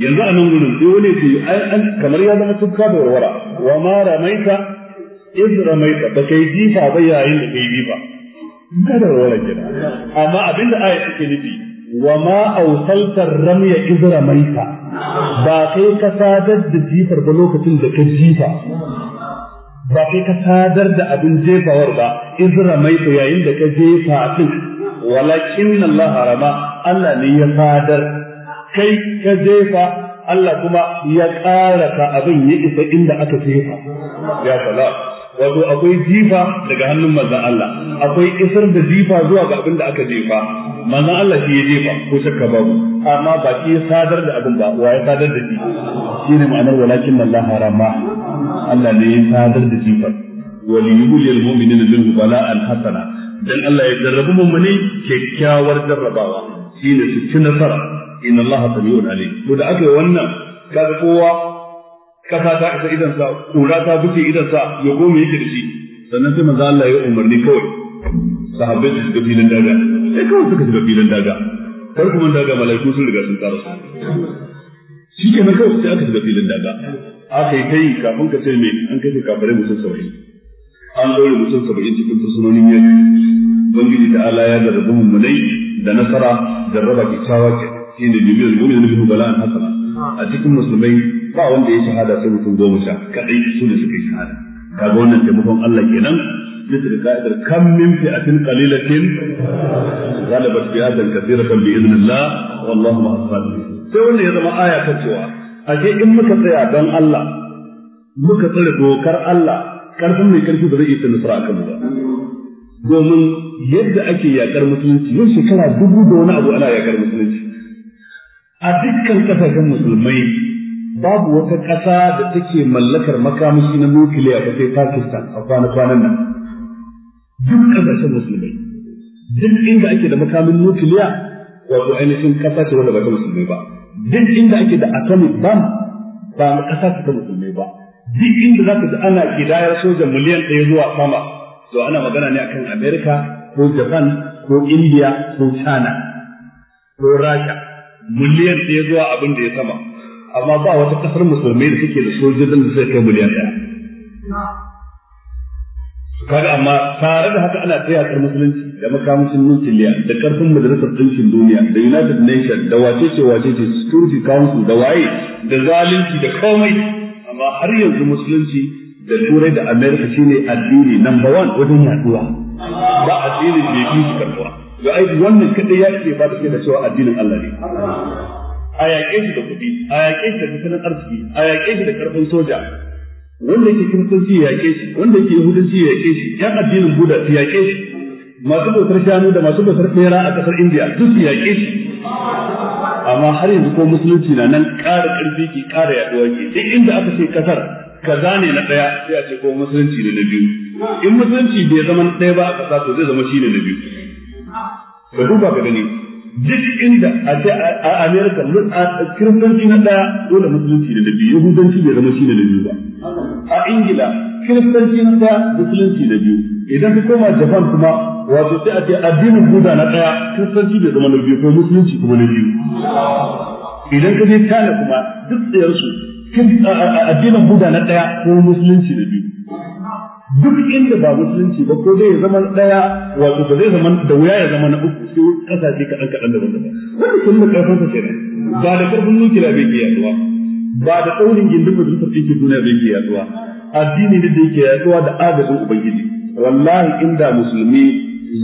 yanzu a nan gudun sai wani ce kamar ya zama tukka da warwara wa ma ramaita iz ramaita ba kai jifa ba yayin da kai jifa kada warwara kenan amma abinda aya take nufi wa ma ausalta ramya iz ramaita ba kai ka sadar da jifar ba lokacin da ka jifa ba kai ka sadar da abin jefawar ba iz ramaita yayin da ka jefa din walakin Allah rama. Allah ne ya sadar kai ka jefa Allah kuma ya ƙarasa abin ya isa inda aka jefa ya fala wato akwai jifa daga hannun manzon Allah akwai isar da jifa zuwa ga abin da aka jefa manzon Allah shi ya jefa ko shakka babu amma ba shi sadar da abin ba wa ya sadar da shi shine ma'anar walakin Allah harama Allah ne ya sadar da jifar waliyul mu'minina minhu bala'an hasana dan Allah ya jarrabu mummuni kyakkyawar jarrabawa shine su ci nasara inna allaha sami'un alim to da aka yi wannan kaga kowa kasa ta isa idan sa kura ta buke idan sa ya gome yake da shi sannan sai manzo Allah ya umarni kawai sahabbai su shiga filin daga sai kawai suka shiga filin daga kar kuma daga malaiku sun riga sun tsara su shi ke na kawai sai aka shiga filin daga aka yi kai kafin ka ce me an ka kashe kafirai musu saba'in an ɗaure mutum saba'in cikin fursunonin yaki ubangiji ta Allah ya zarrabu mummunai da nasara jarraba kyakkyawa kenan shi ne bibiyar mu'min nabi bala an hasana a cikin musulmai ba wanda ya shahada sai mutum goma sha kadai su ne suka yi shahada kaga wannan taimakon Allah kenan bisa ga ka'idar kam min fi'atin qalilatin ghalabat fi'atan kathiratan bi idnillah wallahu ma'as sabirin sai wanda ya zama aya ta cewa Ake in muka tsaya don Allah muka tsare dokar Allah karfin mai karfi ba zai iya nasara akan mu ba domin yadda ake yakar musulunci yau shekara dubu da wani abu ana yakar musulunci a dukkan kasashen musulmai babu wata ƙasa da take mallakar makamashi na nukiliya ba sai Pakistan a kwana nan duk kasashen musulmai duk inda ake da makamin nukiliya wato ainihin ƙasa ce wanda ba ta musulmai ba duk inda ake da atomic bomb ba na ƙasa ce ta musulmai ba duk inda za ka ji ana kidayar soja miliyan ɗaya zuwa sama to ana magana ne akan Amerika ko Japan ko India ko China ko Rasha miliyan ɗaya zuwa abin da ya sama amma ba wata kasar musulmai da suke da sojojin da suka kai miliyan ɗaya kaga amma tare da haka ana ta yakar musulunci da makamashin nukiliya da karfin majalisar ɗinkin duniya da united nations da wace ce wace ce security council da waye da zalunci da komai amma har yanzu musulunci da turai da america shine addini number one wajen yaduwa ba addinin da ya fi su karbuwa ga aiki wannan kadai ya ke ba da cewa addinin Allah ne a yaƙe shi da kuɗi a yaƙe shi da tattalin arziki a yaƙe shi da karfin soja wanda yake kiristanci ya yaƙe shi wanda yake yahudanci ya yaƙe shi yan addinin buda su yaƙe shi masu bautar shanu da masu bautar bera a ƙasar indiya duk su yaƙe shi amma har yanzu ko musulunci na nan ƙara ƙarfi ke ƙara yaɗuwa ke duk inda aka ce ƙasar kaza ne na ɗaya sai a ce ko musulunci ne na biyu in musulunci bai zama na ɗaya ba a ƙasa to zai zama shi ne na biyu ka duba ka gani duk inda a ce a Amerika kiristanci na ɗaya dole musulunci da biyu yahudanci bai zama shi da biyu ba a Ingila kiristanci na ɗaya musulunci da biyu idan ka koma Japan kuma wato sai a ce addinin Buda na ɗaya kiristanci bai zama na biyu ko musulunci kuma na biyu idan ka je China kuma duk tsayarsu addinin Buda na ɗaya ko musulunci da biyu duk inda ba musulunci ba ko zai zama daya wato ba zai zama da wuya ya zama na uku sai kasashe kaɗan kaɗan daban daban wanda sun da karfin sa kenan ba da karfin nukila bai ke yaduwa ba da tsaurin gindin tafi ɗinkin duniya bai ke yaduwa addini ne da yake yaduwa da adadin ubangiji wallahi inda musulmi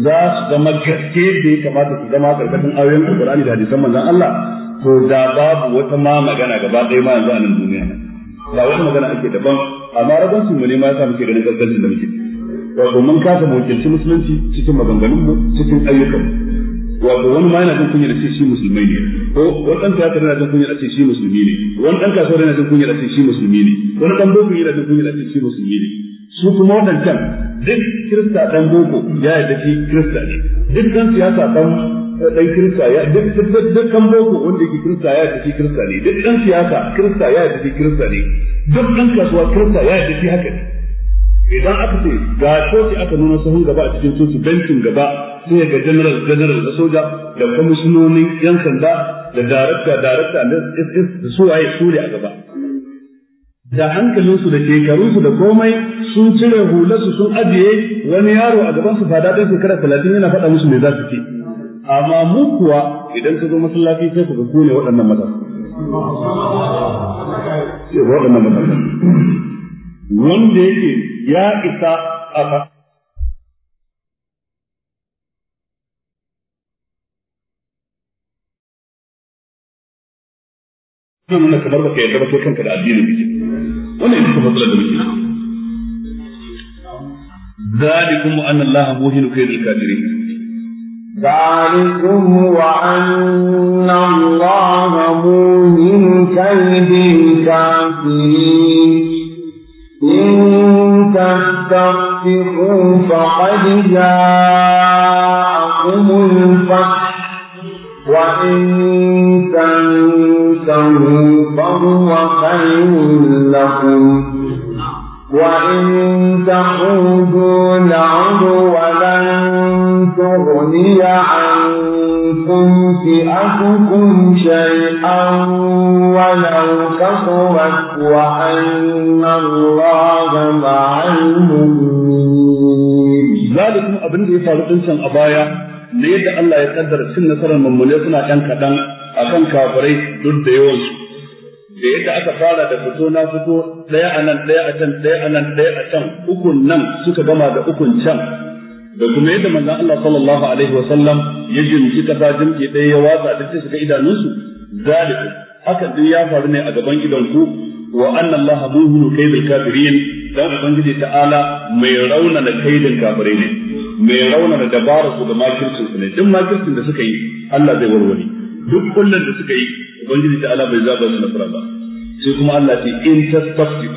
za su zama gaske da ya kamata su zama karkashin ayoyin alkur'ani da hadisan manzon Allah to da babu wata ma magana gaba ɗaya ma yanzu a nan duniya ba wata magana ake daban amma rabancin mu ne ma yasa muke ganin kankancin da muke wato mun kasa wakilci musulunci cikin maganganun mu cikin ayyukan mu wato wani ma yana jin kunya da ce shi musulmai ne ko wani dan tiyata yana jin kunya da ce shi musulmi ne wani dan kasuwa yana jin kunya da ce shi musulmi ne wani dan boko yana jin kunya da ce shi musulmi ne su kuma can duk kirista dan boko ya da shi kirista ne duk dan siyasa dan dan kirista ya duk duk duk kan boko wanda yake kirista ya tafi kirista ne duk dan siyasa kirista ya tafi kirista ne duk dan kasuwa kirista ya tafi haka ne idan aka ce ga coci aka nuna sahun gaba a cikin coci bencin gaba sai ga general general da soja da kwamishinonin yan sanda da darakta darakta da ss da su waye su a gaba da hankalinsu da shekarunsu da komai sun cire hularsu sun ajiye wani yaro a gaban su fada ɗan shekara talatin yana faɗa musu me za su ce amma mu kuwa idan ka zo masallaci sai ku ga ku ne waɗannan matasa waɗannan matasa wanda yake ya isa a nuna kamar yarda ba kanka da addinin kake wannan ita da muke ذلكم أن الله موهن كيد الكافرين ذلكم وأن الله موهن كيد الكافرين إن تستفتحوا فقد جاءكم الفتح وإن تنتهوا فهو خير لكم وإن تعودوا نعد ولن تغني عنكم فئتكم شيئا ولو كثرت وأن الله مع المؤمنين ذلك أبن دي فارقين أبايا ne da Allah ya kaddara cin nasarar mummune suna ɗan kaɗan a kan kafirai duk da su, da yadda aka fara da fito na fito ɗaya a nan ɗaya a can ɗaya a nan ɗaya a can ukun nan suka gama da ukun can da kuma yadda manzon Allah sallallahu alaihi wa sallam ya jinci kasa ke ɗaya ya watsa da cikin shiga idanunsu zalikum hakan duk ya faru ne a gaban idanku wa anna Allah muhinu kaidil kafirin dan ubangiji ta'ala mai rauna da kaidin kafirai ne mai rauna da dabara su ga makircin su ne duk makircin da suka yi Allah zai warware duk kullun da suka yi ubangiji ta'ala bai zaba su nasara ba sai kuma Allah ce in tastabtu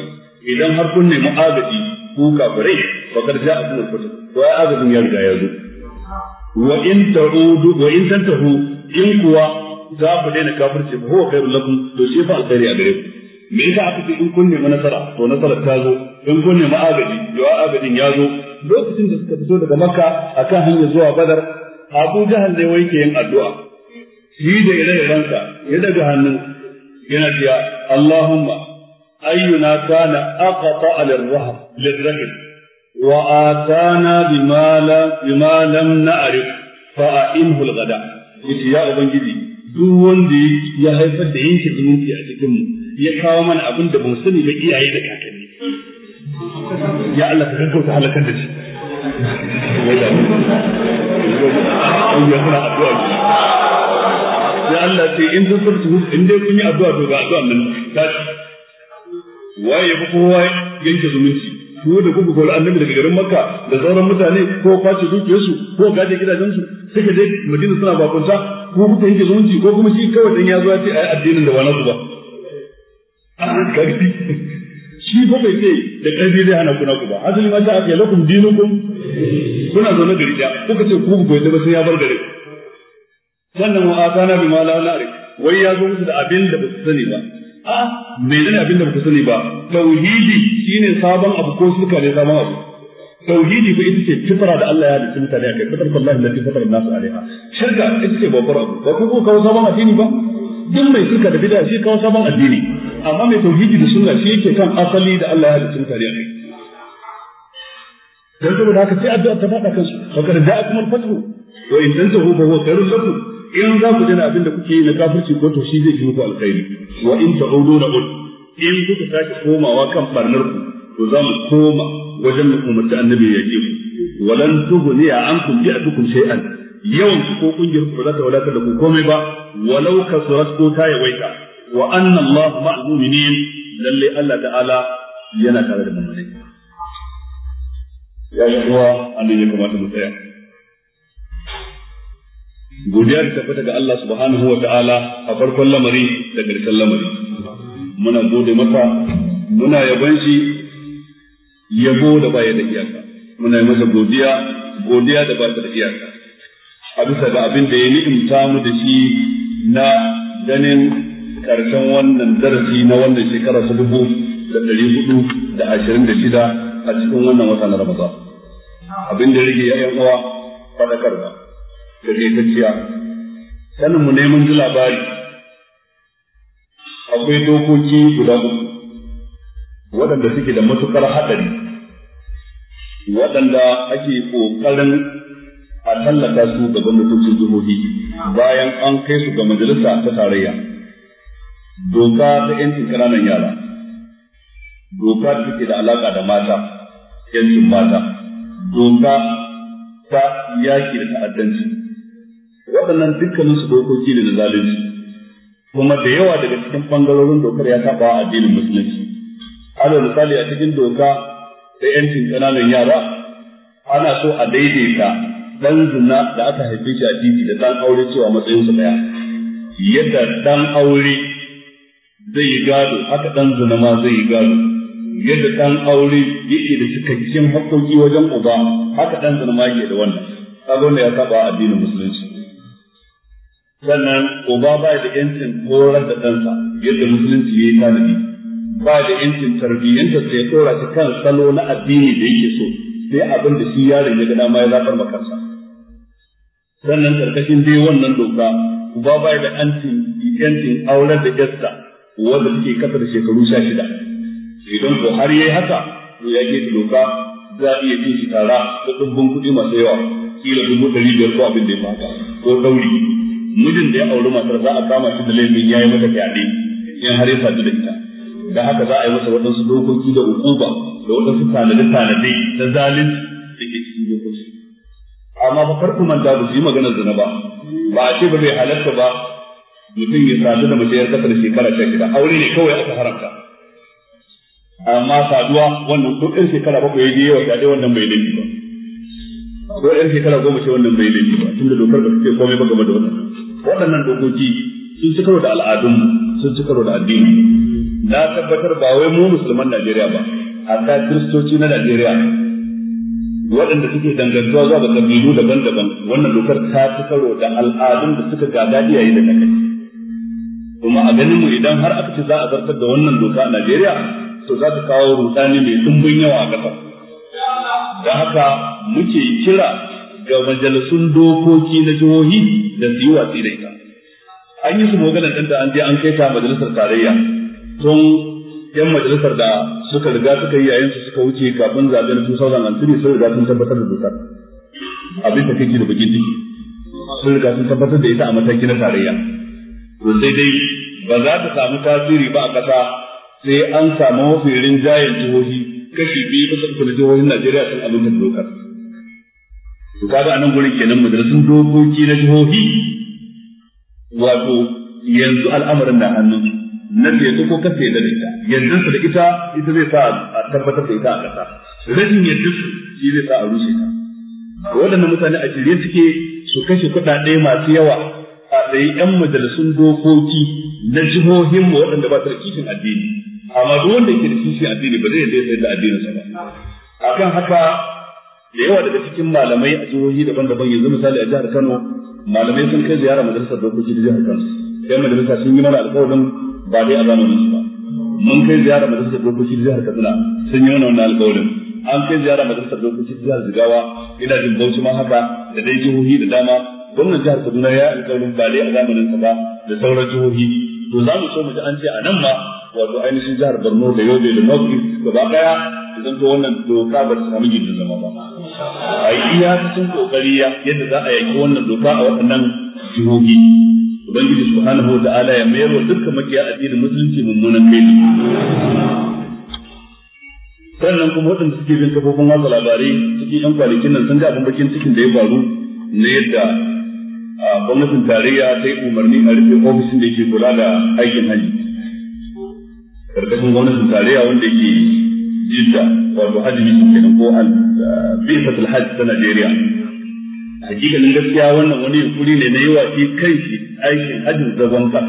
idan har kun nemi agaji ku kafirai faqad ja'akum al-fath wa azabun ya riga ya zo wa in ta'udu wa in tantahu in kuwa za ku daina kafirci ba huwa khairul lakum to shi fa alkhairi a gare ku me yasa aka ce in kunne ma nasara to nasara ta zo in kunne ma agaji to agajin ya zo lokacin da suka fito daga makka akan hanyar zuwa badar abu jahal ne wai ke yin addu'a shi da ire-irensa ya daga hannu yana cewa Allahumma ayyuna kana aqta al-rahab lil-rahim وآتانا بما لا بما لم نعرف فأئنه الغداء yace ya ubangiji duk wanda ya haifar da yanke zumunci a cikinmu ya kawo mana abin da ban sani ba iyaye da kakanni ya Allah ka gaggauta halakar da shi ya Allah ce in sun sarki in dai kun yi addu'a to ga addu'a nan ta waye ya fi kowa yanke zumunci ku da kuka kula annabi daga garin makka da sauran mutane ko kwace dukiyarsu ko gaje gidajensu ka je madina suna bakunta ko kuka yanke zumunci ko kuma shi kawai dan ya zo ya ce ayi addinin da ba nasu ba *laughs* ah, shi fa bai ce da ƙarfi zai hana kuna ku ba asali ma ta aka lakum dinukum kuna zo na gari da kuka ce ku ku yadda ba sai ya bar gari sannan wa atana bi la na'rif wai ya zo musu da abin da ba su sani ba bai zane abin da ba ku sani ba tauhidi shine sabon abu ko suka ne sabon abu tauhidi ko ita ce fitara da Allah ya halitta mutane a kai fitar Allah da ta fitar nasu alaiha shirka ita ce babbar abu ba ku kawo sabon addini ba duk mai shirka da bid'a shi kawo sabon addini amma mai tauhidi da sunna shi yake kan asali da Allah ya halitta mutane a kai dan saboda haka sai addu'a ta fada kansu fa kada da'a kuma fatu wa in tantahu fa huwa khairul lakum in za ku dana abin da kuke yi na kafirci ko to shi zai yi muku alkhairi wa in ta'udu na ul in kuka sake komawa kan barnar ku to za mu koma wajen mu ta annabi ya ji ku walan tughni ankum bi'atukum shay'an yawan ko kungiyar ku za ta walaka da ku komai ba walau ka ko ta yawaita wa anna Allah ma'al mu'minin lalle Allah ta'ala yana tare da ne ya shi kuwa annabi ya kamata mu tsaya godiya ta tabbata ga Allah subhanahu wa ta'ala a farkon lamari da ƙarshen lamari muna gode masa muna yabon shi yabo da baya da iyaka muna yi masa godiya godiya da baya da iyaka a bisa ga abin da ya ni'imta mu da shi na ganin ƙarshen wannan darasi na wannan shekara ta dubu da ɗari hudu da ashirin da shida a cikin wannan wata na Ramadan abin da rage ya uwa faɗakarwa ta ciya sanin mu neman ji labari akwai dokoki guda uku waɗanda suke da matukar haɗari waɗanda ake ƙoƙarin a tallata su ga gwamnatocin jihohi bayan an kai su ga majalisa ta tarayya doka ta 'yancin ƙananan yara doka da take da alaƙa da mata ‘yancin mata doka ta yaƙi da ta'addanci waɗannan dukkanin su dokoki ne na zalunci kuma da yawa daga cikin bangarorin dokar ya saba a addinin musulunci ana misali a cikin doka da yancin ƙananan yara ana so a daidaita dan zina da aka haife shi a titi da dan aure cewa matsayin su daya yadda dan aure zai yi gado haka dan zina ma zai yi gado yadda dan aure yake da cikakken haƙƙoƙi wajen uba haka dan zina ma yake da wannan kaga wanda ya saba addinin musulunci sannan uba ba da yancin horar da ɗansa yadda musulunci ya yi tanadi ba da yancin tarbiyyanta sai tsora shi kan salo na addini da yake so sai abin da shi yaron ya gada ma ya zaɓar makarsa sannan karkashin dai wannan doka uba ba da yancin aurar da yasta wanda suke kasa da shekaru sha shida idan ko har yayi haka to ya ke doka za a iya cin shi tara da dubbin kuɗi masu yawa kila dubu ɗari biyar ko abin da ya fata ko ɗauri mijin da ya auri matar za a kama shi da laifin yayi mata fyaɗe in har ya sadu da ita da haka za a yi masa waɗansu dokoki da hukuma da waɗansu tanade-tanade na zalunci da ke cikin dokoki amma ba kar ku manta ba su yi maganar zina ba ba a ce ba bai halarta ba mutum ya sadu da mace ya kasa da shekara sha shida aure ne kawai aka haramta amma saduwa wannan ko ɗan shekara bakwai ya je yawa fyaɗe wannan bai laifi ba ko ɗan shekara goma ce wannan bai laifi ba tunda dokar ba ta ce komai ba game da wannan waɗannan dokoki sun ci karo da al'adun sun ci karo da addini na tabbatar ba wai mu musulman Najeriya ba hatta kiristoci na Najeriya waɗanda suke dangantuwa zuwa ga kabilu daban-daban wannan dokar ta ci karo da al'adun da suka gada iyaye da kai kuma a ganin mu idan har aka ce za a zartar da wannan doka a Najeriya to za ta kawo rudani mai dumbin yawa a ƙasar da haka muke kira ga majalisun dokoki na jihohi da su yi watsi da ita an yi su maganar ɗanta an je an kai ta majalisar tarayya tun yan majalisar da suka riga suka yi yayin su suka wuce kafin zaɓen na 2003 sun riga sun tabbatar da dokar abin ta kai da bakin ciki sun riga sun tabbatar da ita a mataki na tarayya to sai dai ba za ta samu tasiri ba a ƙasa sai an samu mafi rinjayen jihohi kashi biyu ba uku na jihohin Najeriya sun amince da dokar. to kaga anan gurin kenan majalisun dokoki na jihohi wato yanzu al'amarin na hannun na ce ko ka yadda da ita yanzu su da ita ita zai sa a tabbatar da ita a kasa rashin yadda su shi zai sa a rushe ta waɗannan mutane a shirye suke su kashe kuɗaɗe masu yawa a tsaye 'yan majalisun dokoki na jihohin mu waɗanda ba su da kishin addini amma duk wanda ke da kishin addini ba zai yadda ya sayar da addinin sa ba akan haka da yawa daga cikin malamai a jihohi daban-daban yanzu misali a jihar Kano malamai sun kai ziyara majalisar dokoki da jihar Kano sai majalisa sun yi mana alƙawarin ba dai a zamanin su ba mun kai ziyara majalisar dokoki da jihar Katsina sun yi mana wannan alƙawarin an kai ziyara majalisar dokoki da jihar Jigawa ina jin Bauchi ma haka da dai jihohi da dama gwamnan jihar Kaduna ya alƙawarin ba dai a zamanin sa ba da sauran jihohi to za mu so mu ji an ce a nan ma wato ainihin jihar Borno da Yobe da North ba gaba daya idan to wannan doka ba ta samu gidan zama ba a yi iyakacin kokari yadda za a yaki wannan doka a waɗannan jihohi ubangiji subhanahu wa ta'ala ya mayar wa dukkan makiya addinin musulunci mummunan kai sannan kuma waɗanda suke bin kafofin watsa labarai cikin yan kwanakin nan sun ga abin bakin cikin da ya faru na yadda a gwamnatin tarayya ta yi umarni a rufe ofishin da ke kula da aikin hajji karkashin gwamnatin tarayya wanda ke. jidda wato azumi kenan ko al uh, bisatul hajj ta Najeriya hakikanin gaskiya wannan wani yunkuri ne na yawa shi kanshi aikin hajjin da kasa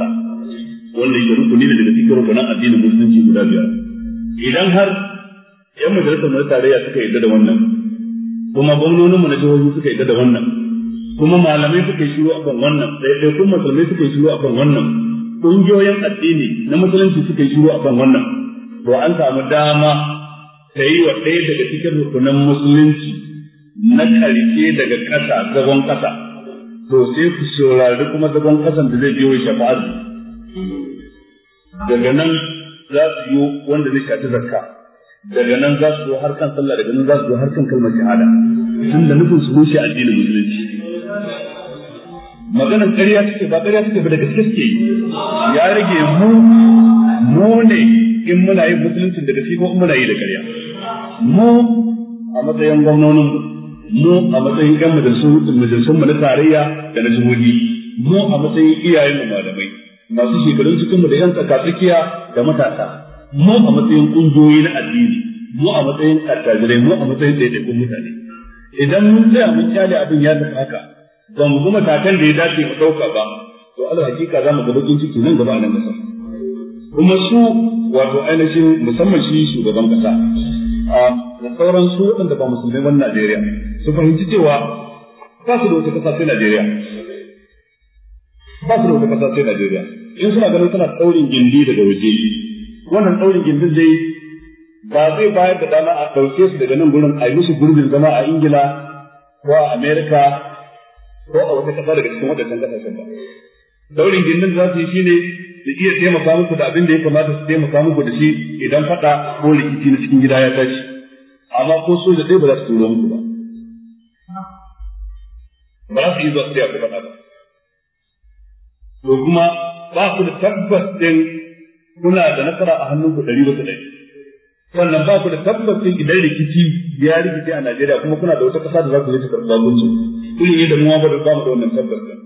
wanda ya rukuni ne daga cikin rukunan addinin musulunci guda biyar idan har yan majalisar mai tarayya suka yadda da wannan kuma gwamnoninmu na jihohi suka yadda da wannan kuma malamai suka yi shiru akan wannan ɗaiɗaikun musulmai suka yi shiru akan wannan ƙungiyoyin addini na musulunci suka yi shiru akan wannan to an samu dama ta yi wa ɗaya daga cikin rukunan musulunci na ƙarfe daga ƙasa zagon ƙasa to sai ku saurari kuma zagon ƙasan da zai biyo shafa'ar daga nan za su yi wanda zai shafi zakka daga nan za su zo har kan sallah daga nan za su zo har kan kalmar shahada tun da nufin su rushe addinin musulunci maganar ƙarya take ba ƙarya take ba daga gaske ya rage mu mu ne in muna yin musuluncin daga gaske ko muna yi da ƙarya mu a matsayin gwamnonin mu a matsayin ƴan majalisun mu na tarayya da na jihohi mu a matsayin iyayen mu malamai masu shekarun mu da ƴan tsakatsakiya da matasa mu a matsayin ƙungiyoyi na addini mu a matsayin attajirai mu a matsayin ɗaiɗaikun mutane idan mun tsaya mun kyale abin ya tafi haka ba mu kuma matakan da ya dace mu ɗauka ba to ala hakika za mu ga bakin ciki nan gaba nan gaba kuma su wato ainihin musamman shi shugaban kasa Um, da sauran su waɗanda ba musulmai ban Najeriya su fahimci cewa ba su da wata ƙasa sai Najeriya ba su da wata ƙasa sai Najeriya in suna ganin tana ɗaurin gindi daga waje wannan ɗaurin gindin dai ba zai bayar da dama a ɗauke su daga nan gurin a yi musu gurbin zama a Ingila ko a Amerika ko a wata ƙasa daga cikin waɗannan ƙasashen ba. Daurin gindin za su yi shine da iya taimaka muku da abin da ya kamata su taimaka muku da shi idan fada ko rikici na cikin gida ya tashi amma ko soja ɗaya ba za su tura muku ba ba za su yi zuwa su ku faɗa ba to kuma ba ku da tabbas ɗin kuna da nasara a ku ɗari bisa ɗari wannan ba ku da tabbas ɗin idan rikici ya rikici a Najeriya kuma kuna da wata ƙasa da za ku yi ta karɓi babunci kun yi da mu ba da ba mu da wannan tabbas ɗin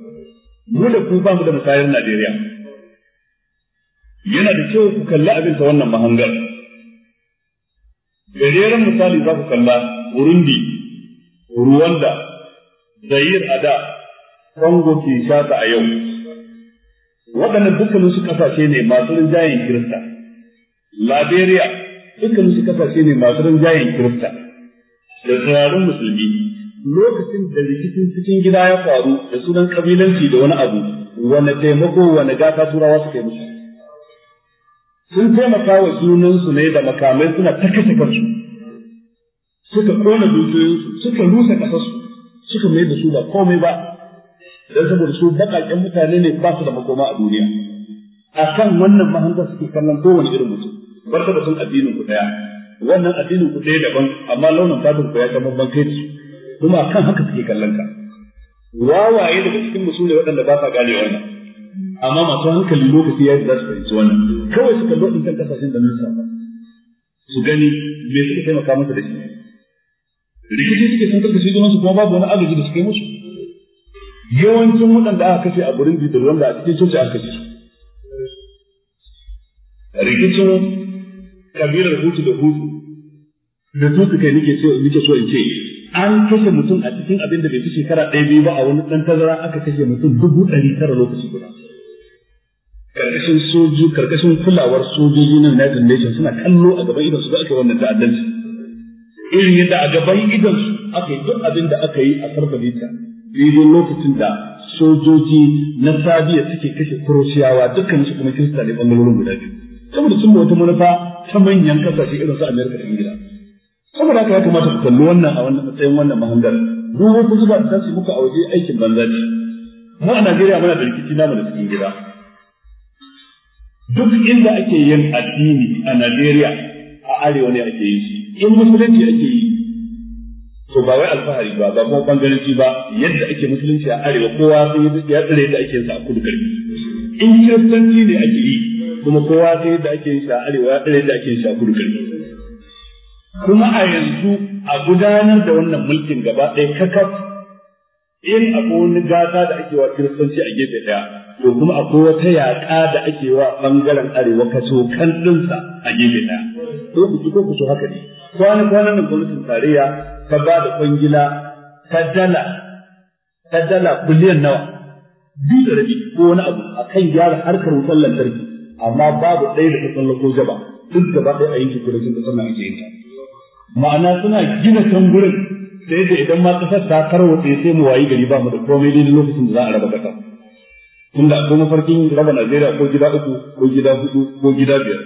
mu da ku ba mu da misalin Najeriya yana da kyau ku kalli abin ta wannan mahangar gajeren misali za ku kalla Burundi da Zayir a da Congo Kinshasa a yau waɗannan dukkanin su kasashe ne masu rinjayen Kirista Liberia dukkanin su kasashe ne masu rinjayen Kirista da tsirarin musulmi lokacin da rikicin cikin gida ya faru da sunan kabilanci da wani abu wani taimako wani gata turawa suka yi musu sun taimaka wa junansu ne da makamai suna ta kashe kansu suka kona dukiyoyinsu suka rusa kasarsu suka mai da su ba komai ba don saboda su baƙaƙen mutane ne ba su da makoma a duniya a kan wannan mahanta suke kallon kowane irin mutum barka da sun addinin ku ɗaya wannan addinin ku ɗaya daban amma launin fatar ku ya ta babban kai su kuma kan haka suke kallon ka wawaye daga cikin musulmai waɗanda ba sa gane wannan amma masu hankali lokaci ya za su fahimci wannan kawai su kalli kan kasashen da nisa su gani me suka taimaka masa da shi rikici suke sun karkashe junan su kuma babu wani agaji da suke musu yawancin waɗanda aka kashe a Burundi da wanda a cikin coci aka kashe su rikicin kabilar hutu da hutu da su suka nake nike so in ce an kashe mutum a cikin abin da bai fi shekara ɗaya biyu ba a wani ɗan tazara aka kashe mutum dubu ɗari tara lokaci guda karkashin soji karkashin kulawar sojoji na United Nations suna kallo a gaban idan su da aka yi wannan ta'addanci irin yadda a gaban idan su aka yi duk abin da aka yi a Srebrenica daidai lokacin da sojoji na Sabiya suke kashe Kuroshiyawa dukkan su kuma Kirista ne bangarorin guda biyu saboda sun wata manufa ta manyan kasashe irin su Amerika da Ingila saboda haka ya kamata ku kalli wannan a wannan matsayin wannan mahangar duk wasu zuba da tashi muku a waje aikin banza ce mu a Najeriya muna da rikici namu da cikin gida duk inda ake yin addini a Najeriya a arewa ne ake yi shi in musulunci ake yi to ba wai alfahari ba ba kuma bangaranci ba yadda ake musulunci a arewa kowa ya tsare yadda ake yin sa a kudu garbi in kiristanci ne ake yi kuma kowa sai yadda ake yin sa a arewa ya tsare yadda ake yin sa a kudu garbi kuma a yanzu a gudanar da wannan mulkin gaba ɗaya kakaf in akwai wani gata da ake wa kiristanci a gefe ɗaya to kuma akwai wata yaƙa da ake wa bangaren arewa kaso kan ɗinsa a gefe ɗaya to ku ci ko ku so haka ne kwanan kwanan nan gwamnatin tarayya ta ba da kwangila ta dala ta dala biliyan nawa biyu da rabi ko wani abu a kan gyara harkar wutar lantarki amma babu ɗaya da ta ko jaba duk gaba ɗaya a yankin kudancin da sannan ake yin ta ma'ana suna gina can gurin sai da idan ma ƙasar ta karwace sai mu wayi gari ba mu da komai dai lokacin da za a raba ƙasar tunda akwai mafarkin raba Najeriya ko gida uku ko gida hudu ko gida biyar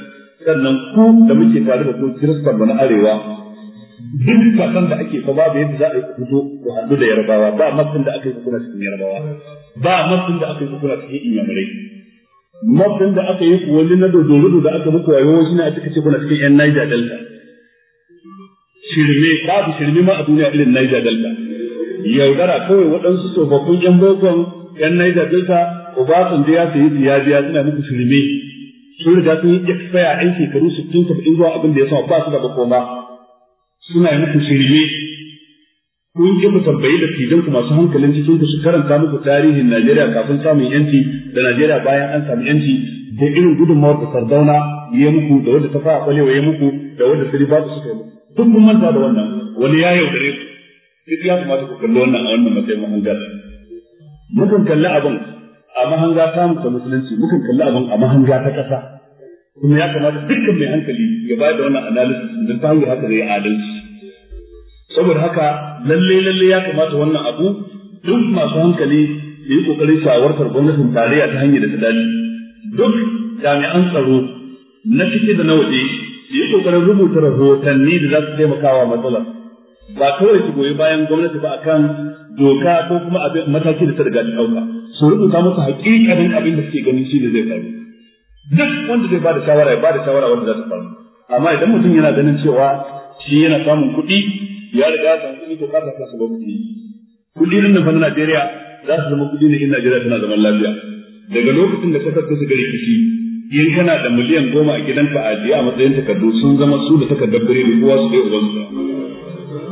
sannan ku da muke tare da ku kiristan mu na arewa duk kasan da ake fa babu yadda za a yi ku fito ku haɗu da yarbawa ba matsin da aka yi kuna cikin yarbawa ba matsin da aka yi kuna cikin inyamurai matsin da aka yi ku wani na dodoro da aka muku wayo shi ne a cikin na cikin yan Niger Delta shirme babu shirme ma a duniya irin Niger Delta yaudara kawai waɗansu tsofaffin yan bokon yan Niger Delta da ya sayi su ya biya muku shirme sun riga sun yi expire ɗan shekaru sittin in zuwa abin da ya sama ba su da makoma suna yi muku shirme kun ji ku tambayi da filin ku masu hankalin cikin ku su karanta muku tarihin Najeriya kafin samun yanci da Najeriya bayan an samu yanci da irin gudunmawar da Sardauna ya muku da wanda ta fara kwalewa ya muku da wanda su ba su kai duk mun manta da wannan wani ya yaudare ku duk ya kamata ku kalli wannan a wannan matsayin ga mukan kalli abin a mahanga ta muka musulunci mukan kalli abin a mahanga ta ƙasa kuma ya kamata dukkan mai hankali ya bayar da wannan analysis da ta hanyar haka zai adalci saboda haka lalle lalle ya kamata wannan abu duk masu hankali da yi kokarin shawartar gwamnatin tarayya ta hanyar da ta dace duk jami'an tsaro na cike da na waje da yi kokarin rubuta rahotanni da za su taimakawa matsalar ba kawai su goyi bayan gwamnati ba akan doka ko kuma abin mataki da ta riga ta dauka su rubuta musu hakikanin abin da suke ganin shi da zai faru duk wanda zai bada shawara ya bada shawara wanda za ta faru amma idan mutum yana ganin cewa shi yana samun kuɗi ya riga ya samu kuɗi ka ta sabon kuɗi kuɗi nan da na Najeriya za su zama kuɗi ne in Najeriya tana zaman lafiya daga lokacin da kasar ta shiga rikici in kana da miliyan goma a gidanka a jiya a matsayin takardu sun zama su da takardar biredi kowa su dai ubansu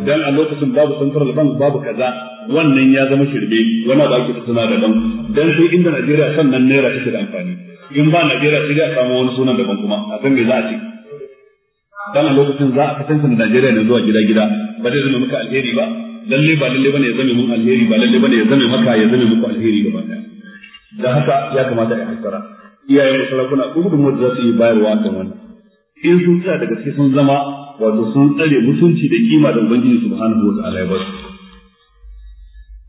dan a lokacin babu central bank babu kaza wannan ya zama shirme wani da ake da daban dan sai inda Najeriya sannan naira take da amfani in ba Najeriya sai a samu wani sunan daban kuma a san me za a ce dan a lokacin za a kasance da Najeriya ne zuwa gida gida ba zai zama muka alheri ba lalle ba lalle bane ya zame mun alheri ba lalle bane ya zame maka ya zame muku alheri gaba daya dan haka ya kamata a hankara iyayen sarakuna ko gudun da za su yi bayarwa kan wannan in sun tsaya daga cikin sun zama wato sun tsare mutunci da kima da ubangiji subhanahu wata'ala ya ba su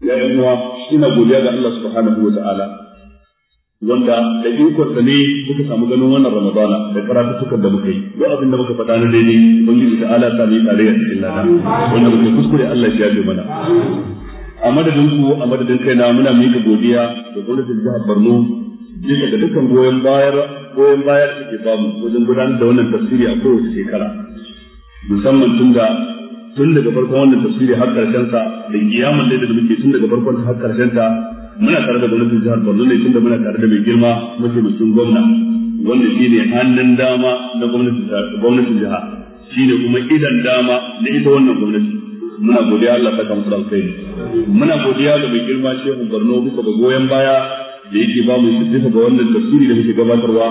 ya yi kuma ina godiya ga Allah subhanahu wata'ala wanda da ikonsa ne muka samu ganin wannan ramadana da karatuttukan da muka yi duk abin da muka faɗa na daidai ubangiji ta'ala ta ne tare a cikin lada wanda muke kuskure Allah ya ji mana a madadin ku a madadin kaina muna miƙa godiya da gwamnatin jihar Borno bisa ga dukkan goyon bayar goyon bayar da ke bamu wajen gudanar da wannan tafsiri a kowace shekara musamman tun da tun daga farkon wannan tafsiri har karshen sa da kiyamar da muke tun daga farkon ta har karshen ta muna tare da gwamnatin jihar Borno ne tun da muna tare da mai girma mataimakin gwamna wanda shi ne hannun dama na gwamnatin jiha shi ne kuma idan dama na ita wannan gwamnati muna godiya Allah ta kamar alkhairi muna godiya ga mai girma shehu Borno bisa ga goyon baya da yake ba mu bisa ga wannan tafsiri da muke gabatarwa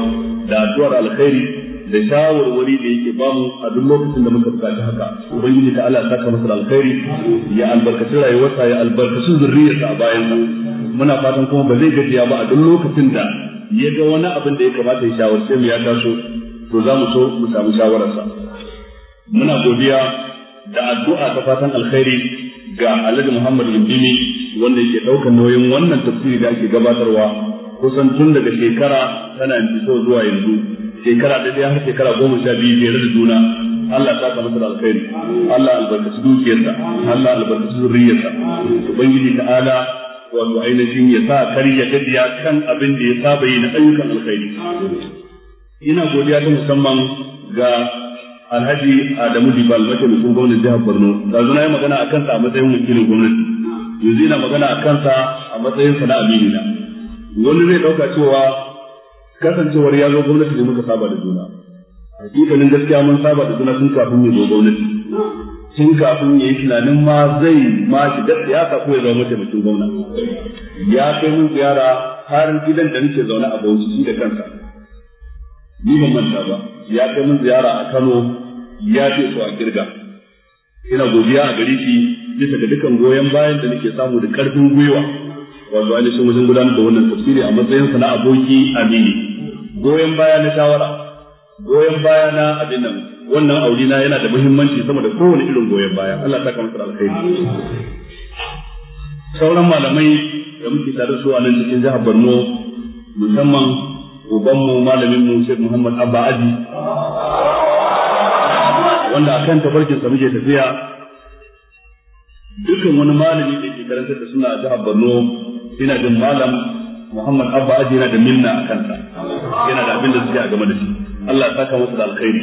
da addu'ar alkhairi da shawarwari da yake ba mu a duk lokacin da muka buƙaci haka ubangiji ta Allah saka masa alkhairi ya albarkaci rayuwarsa ya albarkaci zurriyarsa a bayan muna fatan kuma ba zai gajiya ba a duk lokacin da ya ga wani abin da ya kamata ya shawarce mu ya taso to za mu so mu samu shawararsa muna godiya da addu'a ta fatan alkhairi ga Alhaji Muhammad Lindimi wanda yake ɗaukar nauyin wannan tafsiri da ake gabatarwa kusan tun daga shekara tana fito zuwa yanzu shekara da ɗaya har shekara goma sha biyu jere da juna Allah ta ka masa da alkhairi Allah albarkaci dukiyarsa Allah albarkaci zurriyarsa ubangiji ala wato ainihin ya sa kari, ya gadiya kan abin da ya saba yi na ayyukan alkhairi ina godiya ta musamman ga Alhaji Adamu Dibal mutum gwamnan jihar Borno da zuna yi magana akan sa a matsayin wakilin gwamnati yanzu ina magana akan sa a matsayin sana'a na na wani zai dauka cewa kasancewar ya zo gwamnati ne muka saba da juna hakikanin gaskiya mun saba da juna tun kafin ya zo gwamnati tun kafin ya yi tunanin ma zai ma shiga siyasa ko ya zama mataimakin gwamna ya kai mun ziyara har gidan da nake zaune a Bauchi shi da kansa ni ban manta ba ya kai mun ziyara a Kano ya ce to a kirga ina godiya a gari shi bisa ga dukan goyon bayan da nake samu da karfin gwiwa wato ainihin wajen gudanar da wannan tafsiri a matsayin sa na aboki amini goyon baya na shawara goyon baya na abin nan wannan aure na yana da muhimmanci sama da kowane irin goyon baya Allah ta kamar alkhairi sauran malamai da muke tare su a nan cikin jihar Borno musamman mu malamin mu Sheikh Muhammad Abba Aji wanda akan tabarkin sa muke tafiya dukkan wani malami da ke karanta da suna a jihar Borno ina jin malam Muhammad Abba Aji yana da minna a kanta yana da abin da suke a game da shi Allah ya saka masa da alkhairi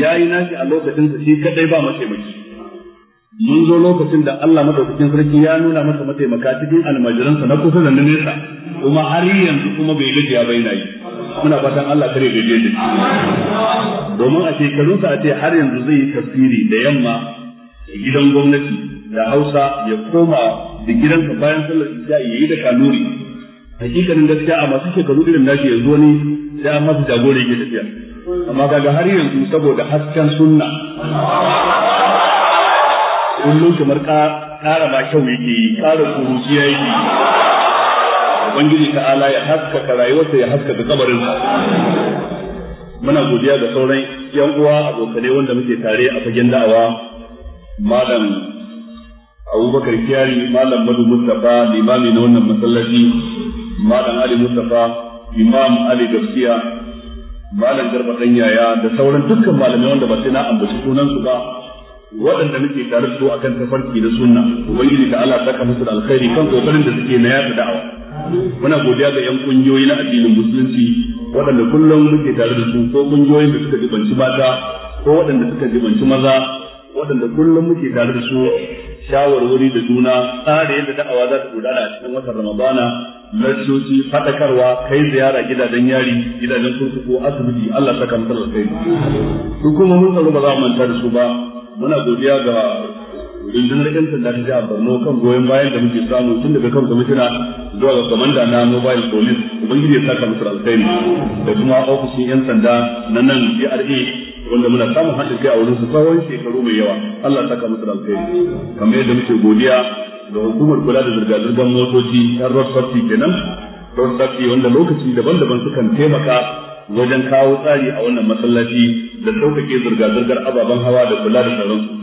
yayi nashi a lokacin da shi kadai ba mataimaki mun zo lokacin da Allah madaukakin sarki ya nuna masa mataimaka cikin almajiransa na kusa da na nesa kuma har yanzu kuma bai gaji bai na yi muna fatan Allah kare da jeje domin a shekarunsa a ce har yanzu zai yi tafsiri da yamma gidan gwamnati da Hausa ya koma da gidansa bayan sallar isha ya yi da kanuri hakikanin gaskiya a masu shekaru irin nashi zo ne sai an masa jagora yake tafiya amma kaga har yanzu saboda hasken sunna kullum kamar ƙara ma kyau yake yi ƙara kuruci ya yi ubangiji ta'ala ya haskaka rayuwarsa ya haskaka kabarinsa muna godiya ga sauran yan uwa abokanai wanda muke tare a fagen da'awa malam abubakar kiyari malam madu mustafa limami na wannan masallaci malam ali mustafa imam ali gaskiya malam garba yaya da sauran dukkan malamai wanda ba sai na ambaci sunansu ba waɗanda muke tare su akan tafarki da sunna ubangiji ta Allah saka musu da alkhairi kan kokarin da suke na yaɗa da'awa muna godiya ga yan kungiyoyi na addinin musulunci waɗanda kullum muke tare da su ko kungiyoyin da suka jibanci mata ko waɗanda suka jibanci maza waɗanda kullum muke tare da su shawarwari da juna tsara yadda da'awa za ta gudana cikin watan ramadana lashoci fadakarwa kai ziyara gidajen yari gidajen kurkuku asibiti Allah saka musu kuma mun tsaro ba za mu manta da su ba muna godiya ga rundunar yan sanda ta jihar Borno kan goyon bayan da muke samu tun daga kan kwamishina zuwa ga kwamanda na mobile police ubangiji ya saka musu alkhairi da kuma ofishin yan sanda na nan GRA wanda muna samun haɗin kai a wurin su tsawon shekaru mai yawa Allah saka musu da alkhairi kamar yadda muke godiya ga hukumar kula da zirga-zirgar motoci ta road safety kenan road wanda lokaci daban-daban sukan taimaka wajen kawo tsari a wannan masallaci da sauƙaƙe zirga-zirgar ababen hawa da kula da sauransu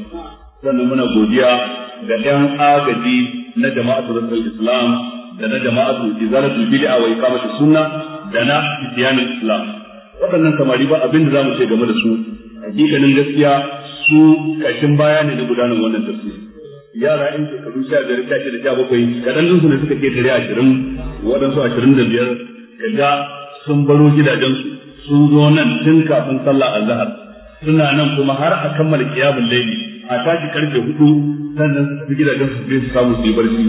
sannan muna godiya ga 'yan agaji na jama'atul islam da na jama'atul izalatul bid'a wa iqamatus sunna da na isyanul islam waɗannan samari ba abin da za mu ce game da su hakikalin gaskiya su ƙarshen baya ne na gudanar wannan tafsiri yara in shekaru sha biyar sha shida sha bakwai kaɗan su ne suka ke tare ashirin waɗansu ashirin da biyar kaga sun baro gidajensu sun zo nan tun kafin sallah azhar suna nan kuma har a kammala kiyamun laifi. a tashi karfe hudu sannan su tafi gidajensu su je su samu su yi barci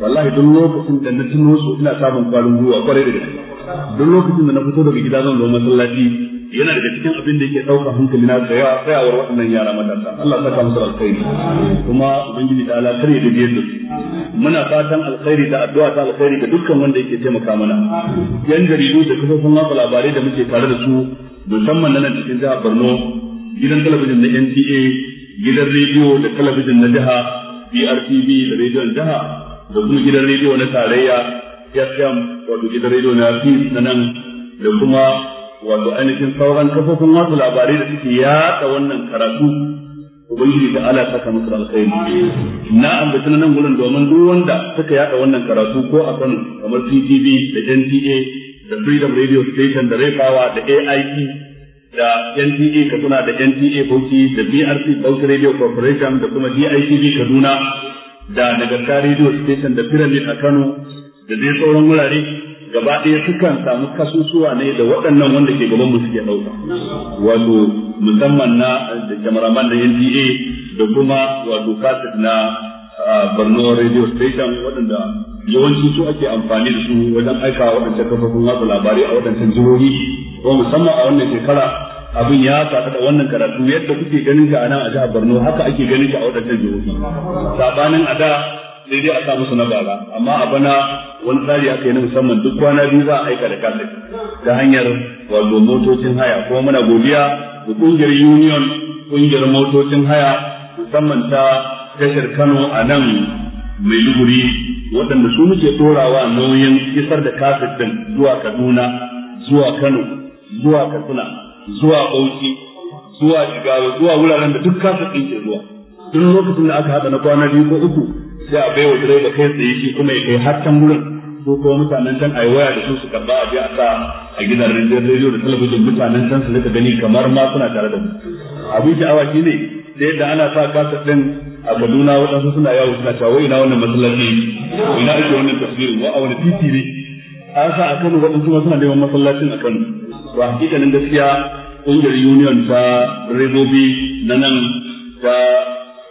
wallahi duk lokacin da na tuno su ina samun kwarin gwiwa kwarai da gaske don lokacin da na fito daga gida zan zo masallaci yana daga cikin abin da yake ɗauka hankali na tsaya tsayawar waɗannan yara matasa Allah ya saka musu alkhairi kuma ubangiji ta ala kare da biyar su muna fatan alkhairi da addu'a ta alkhairi da dukkan wanda yake taimaka mana yan jaridu da kafofin watsa labarai da muke tare da su musamman nan cikin jihar Borno gidan talabijin na NTA gidan rediyo da talabijin na jiha BRTV da rediyon jiha da kuma gidan rediyo na tarayya FM wato gidan radio na Peace na nan da kuma wato ainihin sauran kafofin masu labarai da suke yaɗa wannan karatu ubangiji da ala saka musu alkhairi na ambaci na nan gurin domin duk wanda suka yaɗa wannan karatu ko a Kano kamar CTV da NTA da Freedom Radio Station da Refawa da AIP da NTA Katsina da NTA Bauchi da BRC Bauchi Radio Corporation da kuma DITV Kaduna da Nagarta Radio Station da Pyramid a Kano da dai tsoron wurare gaba ɗaya sukan samu kasusuwa ne da waɗannan wanda ke gaban musu ke ɗauka wato musamman na da kamaraman da NTA da kuma wato kaset na Borno Radio Station waɗanda yawanci su ake amfani da su wajen aika waɗancan kafofin wasu labarai a waɗancan jihohi ko musamman a wannan shekara abin ya faɗa da wannan karatu yadda kuke ganin ka a nan a jihar Borno haka ake ganin ka a waɗancan jihohi sabanin a da sai dai a samu musu na bara amma a bana wani tsari aka yi na musamman duk kwana biyu za a aika da kasai ta hanyar wato motocin haya ko muna godiya ga kungiyar union kungiyar motocin haya musamman ta tashar Kano a nan Maiduguri waɗanda su muke ɗorawa nauyin isar da kasai din zuwa Kaduna zuwa Kano zuwa Katsina zuwa Bauchi zuwa Jigawa zuwa wuraren da duk kasai din ke zuwa duk lokacin da aka haɗa na kwana biyu ko uku sai a baiwa direba kai tsaye shi kuma ya kai har can gurin ko kuma mutanen can a yi waya da su su karba a biya a sa a gidan rediyo da talabijin mutanen can su rika gani kamar ma suna tare da mu abin sha'awa shi ne da yadda ana sa kasa ɗin a Kaduna waɗansu suna yawo suna cewa wai ina wannan masallaci ina ake wannan tafsirin wa a wani titi ne an sa a Kano waɗansu suna neman masallacin a Kano to hakikanin gaskiya ƙungiyar union ta rezobi na nan ta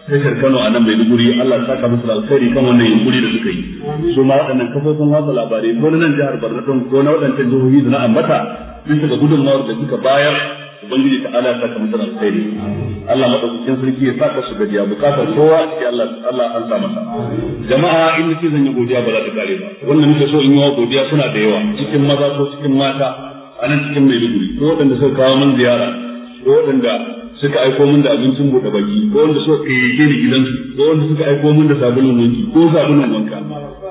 sai Kano a nan Maiduguri Allah saka musu alkhairi kan wannan yunkuri da suka yi su ma waɗannan kafofin watsa labarai ko na nan jihar Borno ko na waɗancan jihohi da na ambata sun shiga gudunmawar da suka bayar ubangiji ta ala saka musu alkhairi Allah madaukakin sarki ya saka su gajiya bukatar kowa sai Allah Allah an sa masa jama'a in nake zan yi godiya ba za ta kare ba wannan nake so in yi wa godiya suna da yawa cikin maza ko cikin mata a nan cikin Maiduguri ko waɗanda suka kawo min ziyara ko waɗanda suka aiko min da abincin da baki ko wanda suka kayyade ni gidan su ko wanda suka aiko min da sabulun wanki ko sabulun wanka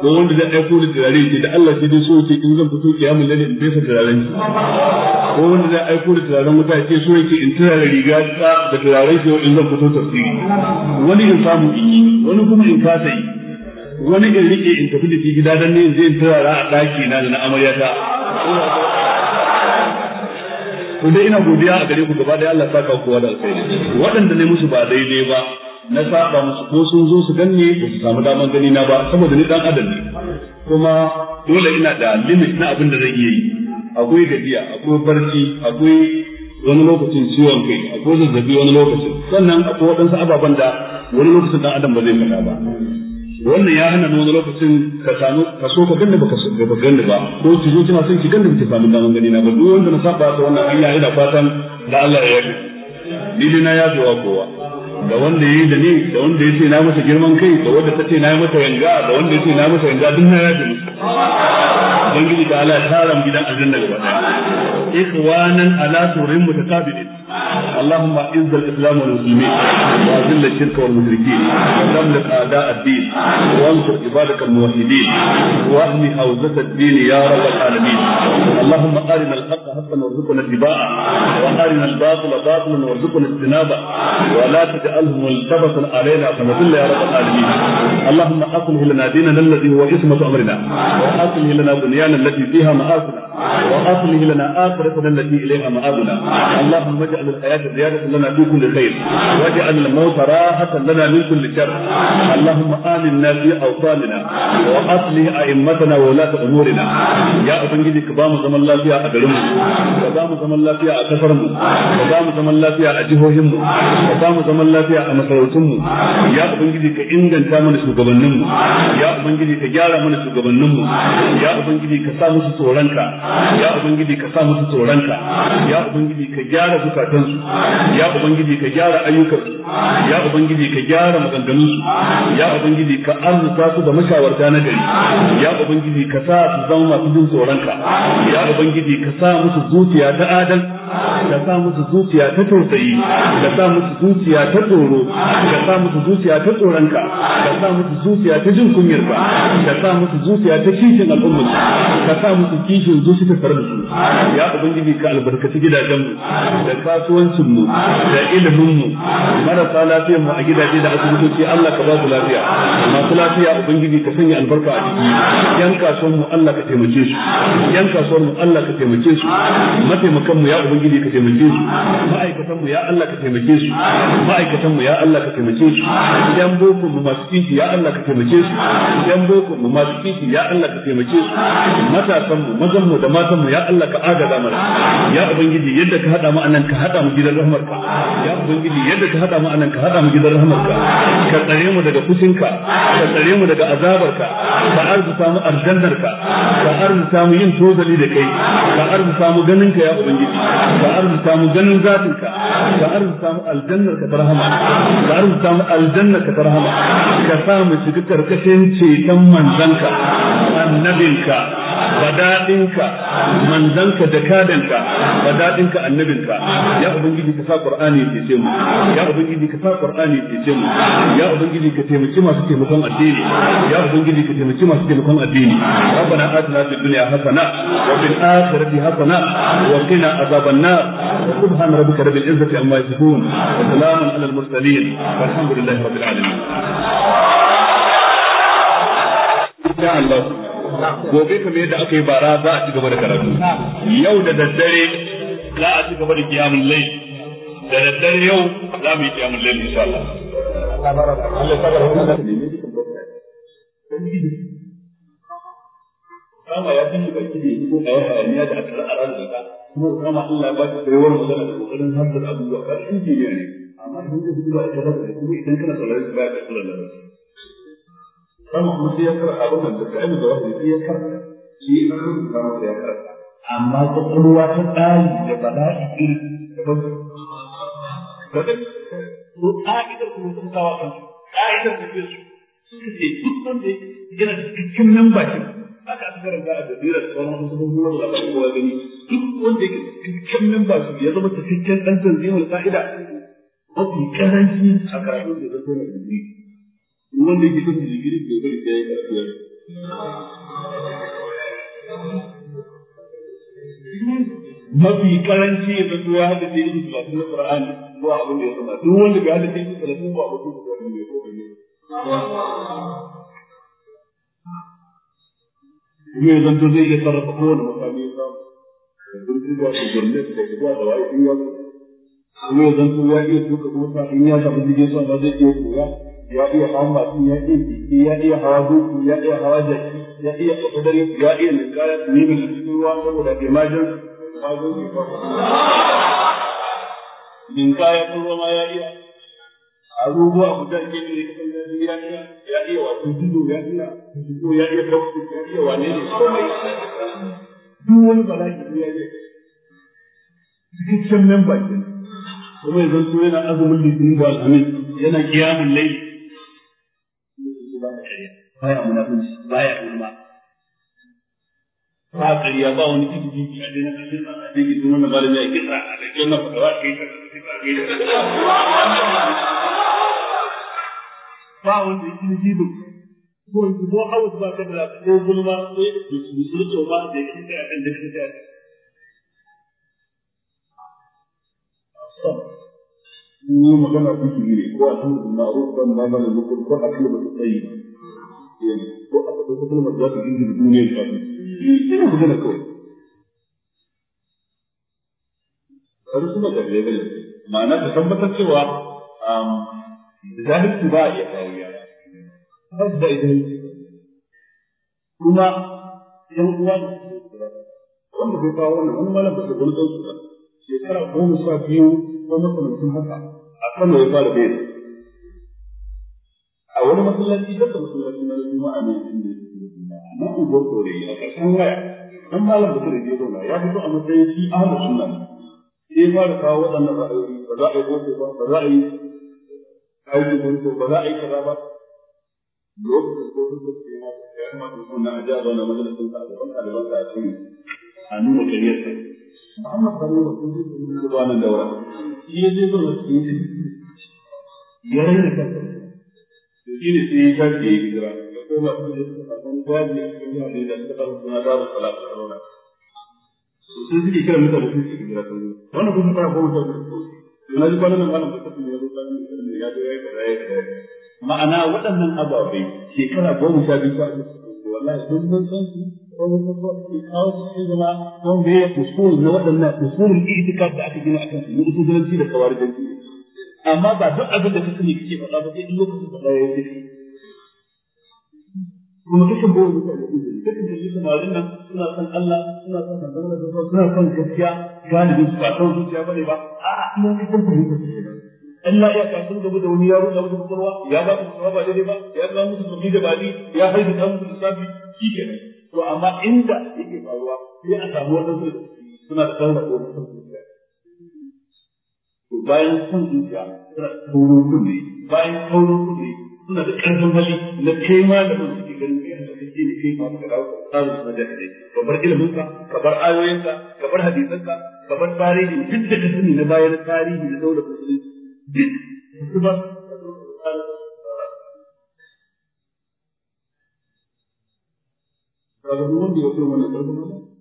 ko wanda zai aiko da turare ce da Allah sai dai so yake in zan fito kiyamul lalle in fesa turaren shi ko wanda zai aiko da turaren wuta ce so yake in turare riga ta da turaren shi in zan fito tafsiri wani in samu in yi wani kuma in kasa yi wani in rike in tafi da shi gida dan ne in je in turara a daki na da na amaryata to dai ina godiya a gare ku gaba da Allah saka kowa da alkhairi waɗanda ne musu ba daidai ba na saba musu ko sun zo su ganni ba su samu daman gani na ba saboda ni dan adam ne kuma dole ina da limit na abin da zan iya yi akwai gajiya akwai barci akwai wani lokacin ciwon kai akwai zazzabi wani lokacin sannan akwai waɗansu ababen da wani lokacin dan adam ba zai faɗa ba wannan ya hana wani lokacin ka samu ka so ka ganda baka so baka ba ko ki zo kina son ki ganda baki samu daman gani na ba duk wanda na saba ta wannan hanya yana fatan da Allah ya yi ni dai na yafe wa kowa da wanda yayi da ni da wanda yace na masa girman kai da wanda tace na masa yanga da wanda yace na masa yanga duk na yafe dan gidi da Allah ya tara mu gidan aljanna gaba daya ikhwanan ala surin mutakabilin اللهم اعز الاسلام والمسلمين واذل الشرك والمشركين ودمر اعداء الدين وانصر عبادك الموحدين واهم حوزه الدين يا رب العالمين اللهم ارنا الحق حقا وارزقنا اتباعه وارنا الباطل باطلا وارزقنا اجتنابه ولا تجعله ملتبسا علينا فنضل يا رب العالمين اللهم اصلح لنا ديننا الذي هو عصمه امرنا واصلح لنا دنيانا التي فيها مآسنا واصلح لنا اخرتنا التي اليها مآبنا اللهم اجعل واجعل الحياة زيادة لنا في كل خير واجعل الموت راحة لنا من كل شر اللهم آمنا في أوطاننا وأصلح أئمتنا وولاة أمورنا يا أبنجي كبام زمن الله فيها أدرم كبام زمن الله فيها أتفرم كبام زمن الله فيها أجهوهم كبام زمن الله فيها أمسروتم يا أبنجي كإنجن تامن سوغبنم يا أبنجي كجارة من سوغبنم يا أبنجي كسامس سورنك يا أبنجي كسامس سورنك يا أبنجي كجارة سوغبنم zukatansu ya ubangiji ka gyara ayyukansu ya ubangiji ka gyara maganganunsu ya ubangiji ka arzuta su da mashawarta na gari ya ubangiji ka sa su zama masu jin tsoronka ya ubangiji ka sa musu zuciya ta adal ka sa musu zuciya ta tausayi ka sa musu zuciya ta tsoro ka sa musu zuciya ta tsoronka ka sa musu zuciya ta jin kunyar ka ka sa musu zuciya ta kishin al'umma ka sa musu kishin zuci ta tare da su ya ubangiji ka albarkaci gidajen mu da kasuwancin mu da ilimin mu marasa lafiyar mu a gidaje da asibitoci Allah ka ba su lafiya masu lafiya ubangiji ka sanya albarka a ciki yan kasuwar mu Allah ka taimake su yan kasuwar mu Allah ka taimake su mataimakan mu ya ubangiji ubangiji ka taimake su ma'aikatan mu ya Allah ka taimake su ma'aikatan mu ya Allah ka taimake su yan boko mu masu kinki ya Allah ka taimake su yan boko mu masu kinki ya Allah ka taimake su matasan mu mazan mu da matan mu ya Allah ka agaza mu ya ubangiji yadda ka hada mu anan ka hada mu gidan ka ya ubangiji yadda ka hada mu anan ka hada mu gidan rahmar ka ka tsare mu daga fushinka ka tsare mu daga azabarka ka arzuta mu aljannarka ka arzuta mu yin tozali da kai ka arzuta mu ganin ka ya ubangiji ka arzuta mu ganin zatin ka ka arzuta mu aljannar ka tarhama ka arzuta mu aljannar ka tarhama ka sa mu shiga karkashin ceton manzanka annabinka daɗinka manzanka da kadanka daɗinka annabinka ya ubangiji ka sa qur'ani ya ce mu ya ubangiji ka sa qur'ani ya ce mu ya ubangiji ka taimaki masu taimakon addini ya ubangiji ka taimaki masu taimakon addini rabbana atina fid dunya hasana wa fil akhirati hasana wa qina azaban wa subhana rabbika rabbil izzati amma yasifun wa salamun alal mursalin walhamdulillahi rabbil alamin إن شاء gobe kamar yadda aka yi bara za a ci gaba da karatu yau da daddare za a ci gaba da kiyamun lai da daddare yau za mu yi kiyamun lai insha Allah kama ya kashe baki da yi ko a yi hayaniya da aka ra'a da ka kuma kama Allah ba ta tsayuwar magana da kokarin hanzar abubuwa ba shi ne ne amma duk da su ba da kuma idan kana tsarar ba ka tsara da sama kuma sai ya karanta abin nan da da wahayi sai ya karanta shi ya rubuta masa ya amma kwakwalwa ta tsari da bala'i kan ka'idar da ke su suka ce duk wanda yana da cikakken membership haka aka karanta a jazirar sauran wasu abubuwan da ba kowa gani duk wanda yake ya in wanda yake son digiri bai bari sai ya karfi ya mafi karanci ya zato ya hada sai irin talatin na Qur'ani ko abin da ya sama duk wanda bai hada sai irin talatin ko abin da ya sama ne ko ya zanto zai iya sarrafa kowane makami ya samu yanzu duba da gwamnati da duba da wayo in ya kuma ya zanto ya iya tuka mota in ya samu jirgin sama zai iya koya ya iya hawa masu ya iya jiki ya iya hawa doki ya iya hawa jaki ya iya tafi dare ya iya ninkaya ne mai cikin ruwa saboda imajin hazo ne ba ninkaya sun zama ya iya abubuwa guda ke ne ya iya ya iya wato tudu ya iya tudu ya iya tafi ya iya wane ne komai duk wani bala'i ya iya cikakken memba ke kuma yanzu yana azumin litinin da alhamis yana kiyamun laifi. ba da ƙarya baya munafunci baya gulma ba ƙarya ba wani kitu jiki a dai na ƙarshen sa a dai kuma na malami a kisa a na fadawa kai ta ba wanda ya cikin jibo ko in ko hawa ba ka da ko gulma ko musulunci ba da ya kisa a kan da kisa a ne magana ku kuke ne ko a san da ma'ruf kan ma mana muku ko a kalma da tsayi eh, ko a faɗa ko kalma za ta da duniya ta ku ina magana ko har suna da level ma'ana ta tabbatar cewa um, zahirci ba a iya kawo ya ba su da idan kuma yan uwa wanda bai kawo wannan wani malam ba su wani ɗauki ba shekara goma sha biyu ko makamancin haka Kano ya fara bai a wani masallaci da ka masallaci na juma'a ne inda na ugo kore a kasan waya dan malam da kare zauna ya fito a matsayin shi ahlu sunna sai fara kawo waɗannan ra'ayoyi ba za a yi boko ba ba za a yi aiki ko ba za a yi kaza ba lokacin ko da ya ma da sunna a na da da a a nuna sa Muhammad sallallahu alaihi wasallam daura shi ya je cikin ya rage kansa to shi ne sai ya shafi ya hijira ya koma su ne suka samu daji a cikin yare da suka samu suna daru salatu da rauna to sai suke kiran mutane sun ci hijira ta zo wannan kuma ta goma ta gudu to na ji kwanan nan malam fasa ne ya zo kwanan nan ya zo ya yi kaza ya kaza ma'ana waɗannan ababai shekara goma sha biyu ta wallahi duk mun san su ko mun san ko ki kawo su zama ko me usul na waɗannan usulul i'tikad da aka gina akan su ne usulanci da kawarijanci amma ba duk abin da kake sani kake faɗa ba sai duk lokacin da ya yi kuma kashin bawa mutane uzuri kashin da shi samarin nan suna son Allah suna son da Allah suna son gaskiya galibin su ba son zuciya bane ba a'a ina ne kan da Allah ya ka sun gaba da wani yaro da wani kurwa ya ba su ba daidai ba ya ga musu zubi da bali ya haifi dan musu lissafi shi kenan to amma inda yake faruwa sai a samu wadansu suna da tsawon da wani bayan sun zuciya suna taurin kunne bayan taurin kunne suna da ƙarfin hali na kai malamin suke ganin kai da kake da kai masu kada ka tsara su da kai ka bar ilimin ka ka bar ayoyin ka ka bar hadisan ka ka bar tarihi duk da ka sani na bayan tarihi da daular musulunci duk su ba Kaga duk wanda ya kuma wannan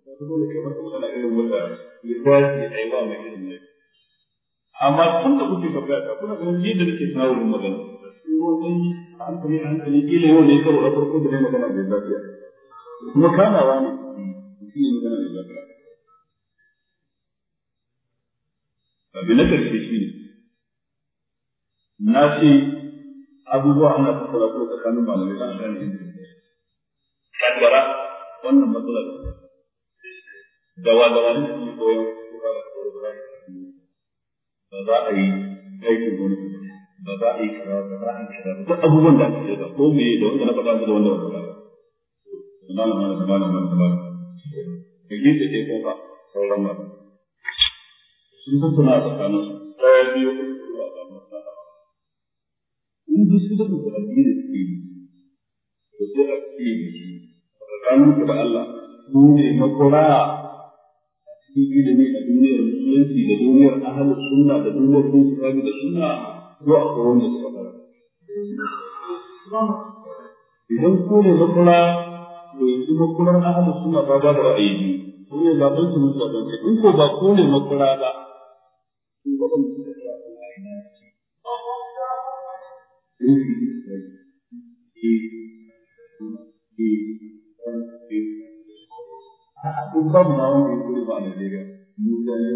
karfin hali, kaga dole kai masa magana irin wanda ya dace ya aiwa mai ilimin amma tun da kuke tafiya da kuna ganin ni da nake sanarwar magana wani hankali hankali kila yau ne karo da farko da ne magana da lafiya kuma kana wa ne shi ne magana mai lafiya abu na karshe shi ne na ce abubuwa ana fassara ko tsakanin malamai da gane inda kadwara wannan matsalar da wa da wani ne ko su fara da ba za a yi aikin gwamnati ba za a yi kaza ba za a yi kaza ba duk abubuwan da ake da ko me da wanda na faɗa da wanda ba ba malama da malama da malama da gidi da ko ba sauran ba sun tattauna a tsakanin su ɗaya biyu ko kuma a tsakanin su in duk su da ku da gidi da ke to sai a ce da shi tsakanin ku da Allah ku ne makura cikin ilimi a duniyar musulunci da duniyar ahal sunna da duniyar da sunna ko a koron da suka fara idan ko ne makula to yanzu makular ahal sunna ba ba da ra'ayi biyu ko ne ba ban su mutu in ko ba ko ne makula ba to ba su na Thank you. kun ba mu ma wanda ya kore ba a Najeriya mu da ne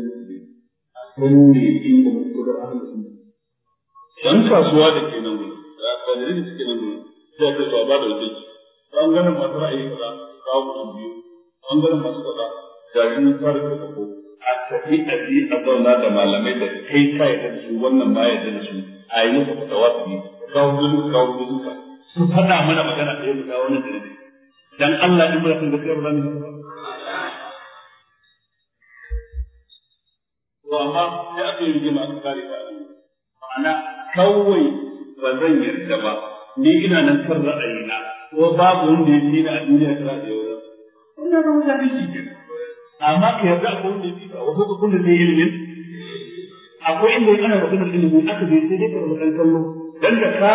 a kan ne in da kudar ahlus sunna dan kasuwa da ke da da ke nan gurin sai ka tsaba da wuce bangaren masu ra'ayi kaza kawo mutum biyu bangaren masu kaza da shi mun fara da ko a tafi a a zauna da malamai da kai kai da su wannan ma ya da su a yi faɗa mana magana ɗaya nan dan Allah in ba san gaskiya ba yi ba to amma sai aka yi rigima aka kare ta ma'ana kawai ba zan yarda ba ni ina nan kan ra'ayina ko babu wanda yake ni a duniya ta ra'ayi wurin wannan zama ta biki ke amma ka yarda ko kowanne bi ba wato ka kunna ne ilimin akwai inda ana maganar ilimi aka bai sai dai ka rubuta kallo dan da ka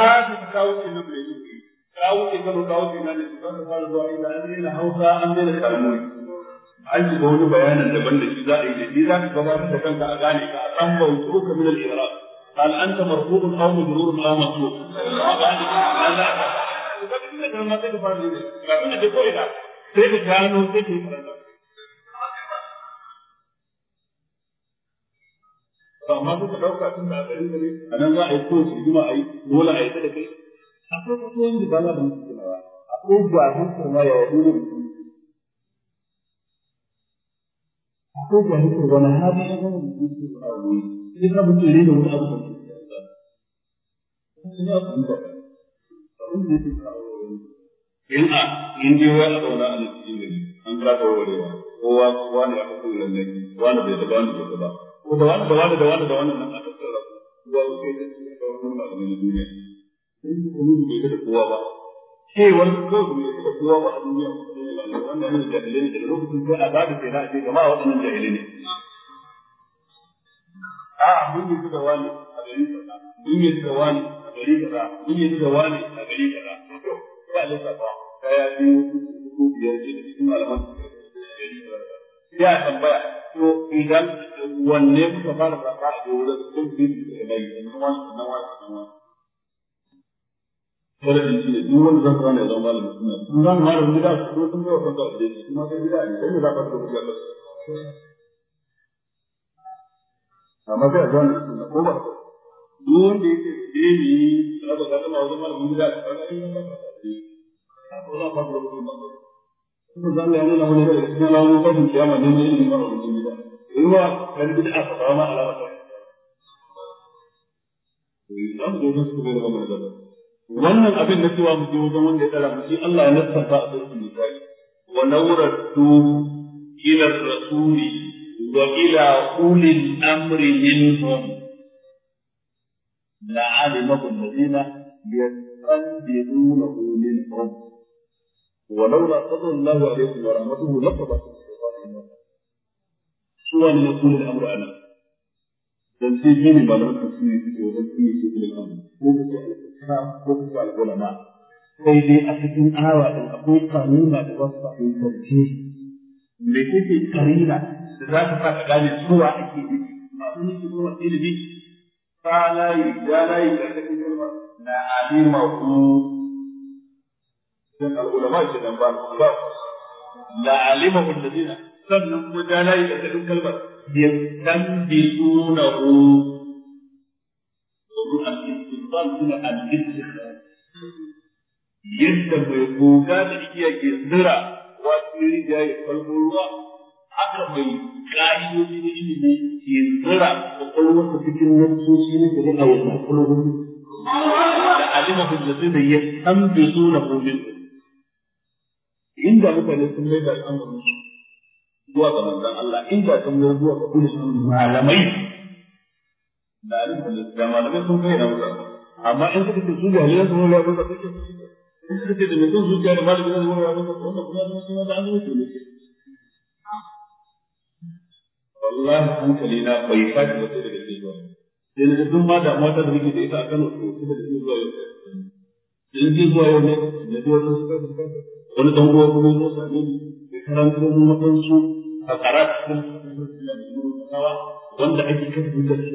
kawo ilimin da yake kawo ilimin kawo ilimin da ka fara zuwa ila an yi na hausa an yi na kalmomi an yi ga wani bayanin daban da shi za a yi da za ka gabatar da kanka a gane ka a san bautu ka min al-iraq hal anta marhubun aw majrurun aw mansub a gane ka a gane ka da kan ma sai ka fara ne kafin da kai da sai ka gano sai ka yi karanta amma suka dauka tun da gari gari a nan za a yi ko su juma a yi dole a yi ta da kai akwai kasuwanci da ba da mutum akwai ba sun kuma ya yi dole akwai jahilcin wani hali ya zama da su su a wuri sai ka mutu ne da wani abu da ke da sun ya fahimta abin da yake kawo in a in je wai a zauna a cikin gari an kira ka warwarewa kowa wani ya fi kun lalle wani bai da wani bai da ko da wani da wani da wani da wani nan a tattara kowa da su ya kawo nuna a duniya sai su kuma bai da kowa ba ايه والكوكب هو واحد من الجاهلين da lokacin sai a babu sai na ce jama'a waɗannan jahilai ne a mun yi da wani a gari kaza mun yi da wani a gari kaza mun yi da wani a gari kaza ba lissafa kaya biyu ko biyar ce da cikin malaman ya tambaya to idan wanne kuka fara fara a wurin sun bi da mai wani wani wani farajin ne zan zama zan gida su sun a jiki kuma sai gida ne ne a duk wanda na zama wajen gida ko zan nuna wani da cikin lamun kiyama ne gida su wannan abin na cewa mu je wajen wanda ya tsara shi Allah ya nassanta a cikin misali wa nawratu ila rasuli wa ila ulil amri minhum la alimahu alladhina yastanbidunahu minhum ولولا فضل الله عليكم ورحمته لقبتم الشيطان من سوى من يكون الامر انا dan sai shi ne malamin tafsiri suke wajen fiye shi ilil amr ko kuke alƙa islam ko kuma sai dai a cikin awa din akwai kanuna da wasu fahimtarce me kake karina da za ka fara gane cewa ake yi masu nufi ko wasu ilimi fa yi ya la yi da kake kalma na alima ku ba ba alima sannan da yi da al-isbab kuma al yadda mai goga da iya ke zira wato rijiya ya ruwa haka mai ƙa'idoji na ilimi ke zira kwakwalwarsa cikin nasoshi na shari'a ya na kwalwarsa da alimahu da zai da ya san da zuna hulun inda mutane sun mai da al'amarin su zuwa ga manzan Allah inda sun mai zuwa ga kulisun malamai da alimahu da malamai sun kai da mutane amma in suka ce su jahilai su nuna abin da suke in suka ce da mutum zuciya da malami zai nuna abin da wanda kuma zai shi wanda an zama shi ne wallahi hankali na bai sake wata daga cikin zuwa sai na duk ma damuwa ta da nake da ita a Kano to kuma da cikin zuwa yau in ji zuwa yau ne da ji wani suka suka wani dan uwa kuma yi motsa ne ya karanta wani matansu a karatu wanda ake kasance da shi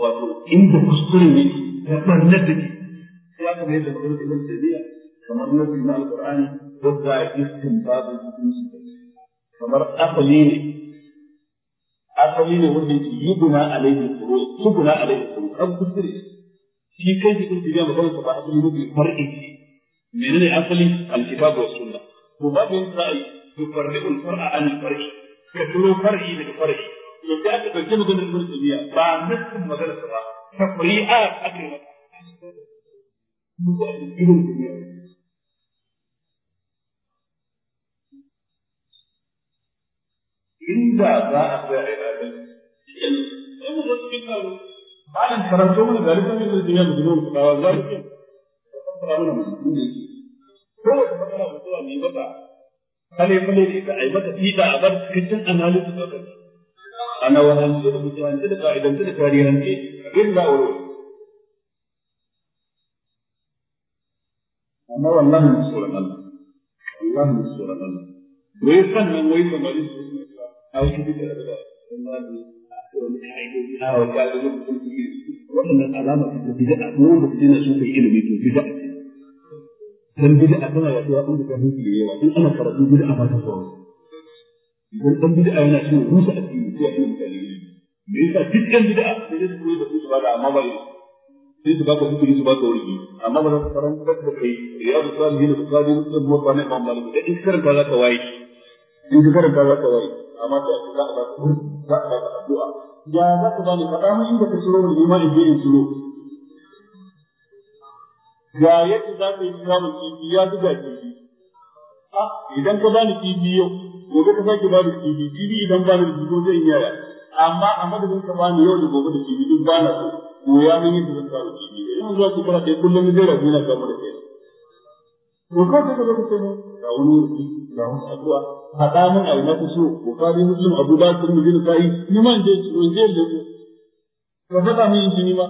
wato inda kuskuren yake da ɓarnar da ke sai aka mai da kuma ibn tabiya kamar nabi na alqur'ani wadda istinbabu hukunci kamar asali ne asali ne wanda yake yubuna alaihi furu yubuna alaihi furu an kuskure shi kai shi kun tabiya magana ta ba asali ne bai far'i ce menene asali alkitabu was sunna ko ba bin sa'i yufarri'u al-far'a an al-far'i ka tuno far'i daga far'i yadda aka dauki maganar ibn tabiya ba nufin maganar ba tabri'a aka yi mata inda za a tsaya a yi ɗaɗin sai mu zo cikin taro malam karanto mana ga rikon yin zirgin yamma zuwa kuma wa za mu ce ka fassara mana mutum ne ko wata fassara mutuwa mai mata kale kale ne ka aibata ita a bar cikakken analysis ɗaukar a nawahance da mutuwance da ka'idance da tarihance abin da aure amma wallahi mu tsoron Allah wallahi mu tsoron Allah wai sannan wai samari su suna a wasu duka da da wallahi a wani haihuwa a wata da lokacin da ke waɗannan alama da bid'a mu da dina su kai ilimi to bid'a dan bid'a tana yaduwa inda ta hankali yawa in ana karatu bid'a ba ta zuwa idan dan bid'a yana so rusa zuwa kuma mutane ne me yasa duk sai su koyi da su su amma ba yi sai su baka hukuri su amma ba za su faran da ka kai ya da ne su kaji mutum mu kuma ba malik da in karanta za ka waye in karanta za ka waye amma sai ka za ka za ka baka addu'a ya za ka bani faɗa mun inda ka tsoro ne ma in je in tsoro ga yadda za ka yi kamun kifi ya buga kifi idan ka bani kifi yau gobe ka sake ba da kifi kifi idan ba da kifi zai yi yara. amma a madadin ka ba ni yau da gobe da kifi duk ba na so goya min yadda zan kawo kifi idan zuwa shekara ɗaya kullum zai rabu yana samu da kai Ko ka ta gaba ka sani ga wani wuri ga wani addu'a haɗa min abu na ka bukari muslim abu da sun mutum ka yi ni ma in je in je da ku ka faɗa min in ji ni ma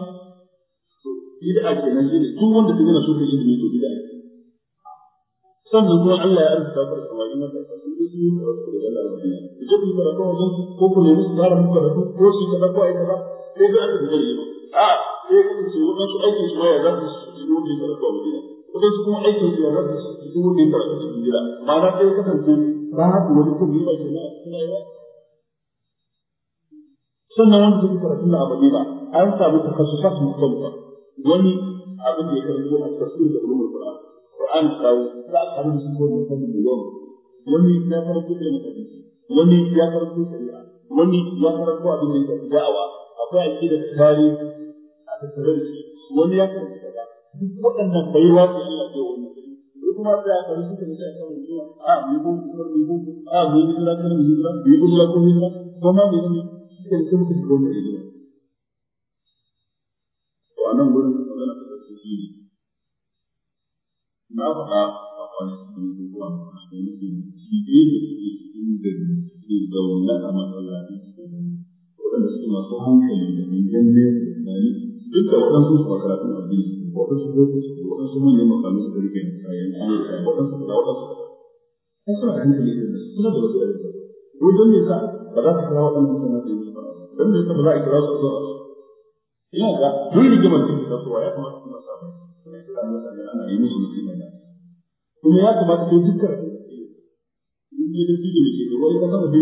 bid'a kenan shi ne tun wanda kaga na so ka yi ne to bid'a sannan kuma Allah ya arzuta ku da samari na karfa sun yi yi da Allah da duniya ku je ku yi karatu wajen ko ku nemi su tara ko su yi ko a yi kaza sai ga aka zai yi ba a sai ku ce wannan aikin su ma ya za su yi wanda ya karatu a wajen su kuma aikin su ya za su yi wanda ya karatu a Madina ma na sai kasance ba ku wani kuma yi ba ke na suna yi ba sannan wanda suke karatu na a Madina an samu takassusat musamman wani abin da ya karanto a tasirin da ulumul Qur'an kawo za a kawo su ko da da yawa wani ya karanto da maka wani ya karanto shari'a wani ya karanto abin da yake da'awa akwai aqida tsari a tattare da shi wani ya karanto kaza duk waɗannan Allah wani kuma da a ah, mu ko mu ko ah, a mu da mu ko ko mu ko ma mu ko mu ne shi ne na faɗa a kwanan cikin zuwa a cikin shi ne da suke cikin da suke zaune a matsalaci waɗanda suke masu hankali da minjan ne da tunani duk da waɗansu su makaratun addini waɗansu ko su waɗansu manyan makamai su rike kayan ayyuka waɗansu da waɗansu da suna hankali da su suna da wasu da ko don me sa ba za ka kira waɗansu suna da yi ba don me sa ba za a kira su zuwa ina ga duk rigimar cikin kasuwa ya kamata su na samu kuma ya kamata ko dukkan da mai ta ce cikin ruwa daga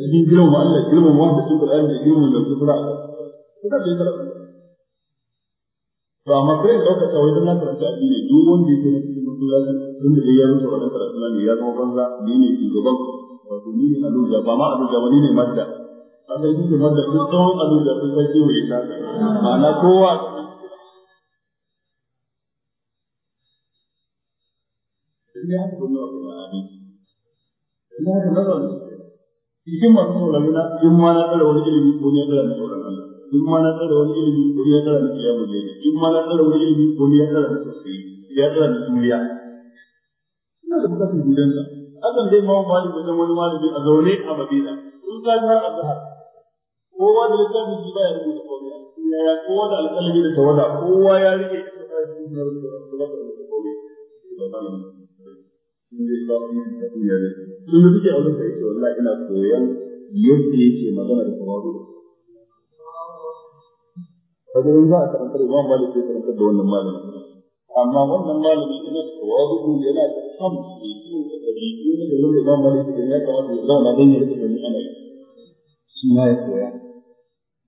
cikin girman wa Allah girman wa da cikin Qur'ani da girman da su fara kuma da yara to amma kai dauka tsawai dan nan karanta addini duk wanda yake cikin mutum ya san tunda ya mutu wannan karatu ne ya zama banza ni ne shugaban wato ni ne aluja ba ma aluja ba ni ne madda an yake madda duk tsawon aluja sun sai kewaye ta kowa haka domin wa cikin masu na in ma na tsara wani ilimi ko tsara in ma na tsara wani ilimi ko tsara in ma na tsara wani ilimi ko tsara ya tsara ina da bukatun zai wani a zaune a har kowa da yaya kowa da da kowa ya rike da da sun da ya ne da suke wallahi ina koyon yadda yake magana da tawaru kaga in za a karanta da imam malik ya karanta da wannan malami amma wannan malami ina tawaru yana da sam ne ko da dabi'u ne da wannan imam malik ya kamata ya zauna dan ya rubuta ni ana shi ma ya koya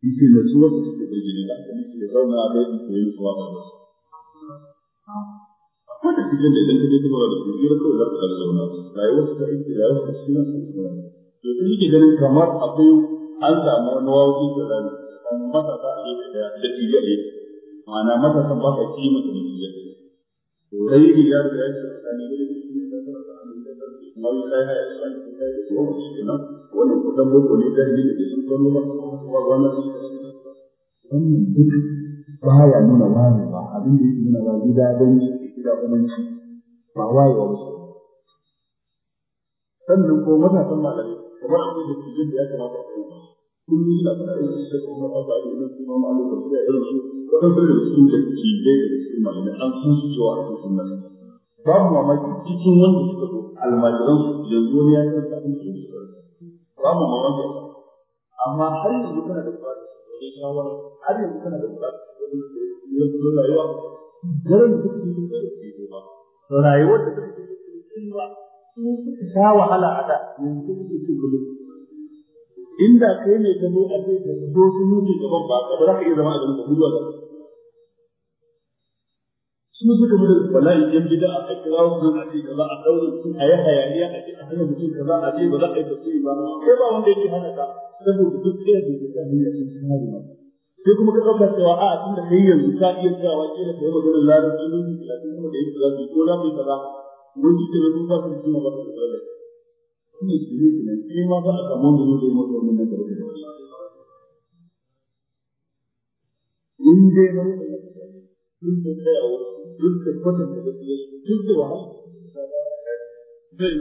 yake na suwa da take da jini da yake zauna da yake koyi suwa ba ko da cikin da idan ka je da kuma kira kawai da ka zauna rayuwar ta ita rayuwar ta shi nan to sai yake ganin kamar akwai an samu wani wawoki da rani matasa a yake da da tijiya ne ma'ana ta ba ka ci mata da tijiya ne to rai ne ya ga ya ce a ne da shi ne da ta ta an da ta ma yi kai ya san ki kai da ko shi ne nan wannan kudan boko ne da ni da shi ko ba wannan shi wannan duk ba ya nuna wani ba abin da yake nuna wani jagoranci ba wayewa musu sannan ko matasan kamar akwai da ke jin da ya kamata a kai kun yi labarai da suka kuma ba da irin su ma malu da suka irin su waɗansu da su da ke dai da su malamai an sun su cewa a cikin nan babu mamaki cikin wanda suka zo almajiran su yanzu wani ya san sabon su babu mamaki amma har yanzu kana da buƙatar su wajen har yanzu kana da buƙatar su wajen yawa. garin da suke yi ba su yi ba rayuwar da suke yi ba su suka sha wahala a da yanzu suke cin kullum inda kai ne gano a kai da zo su mutu gaban ba ba za ka iya zama a gaban kudu a gaban su suka mutu bala'i yan gida a kai kira su a ce kaza a daure su a yi hayaniya a ce a hana mutum kaza a ce ba za a yi tafsiri ba kai ba wanda yake hana ka saboda duk ɗaya da ke kan hanyar sun kare maka sai kuma ka ɗauka cewa a tun da kai yanzu ka iya cewa kila ka yi maganar ko mun yi talatin ko da yadda za yi ko za mu yi kaza mun ci kira mun ba su yi kuma ba su da larabci shi ne shi ne kenan shi ma ba a samu da mutum masa wannan nan da wani in dai ba duk da tsayawa duk da kwatanta da duk da wahala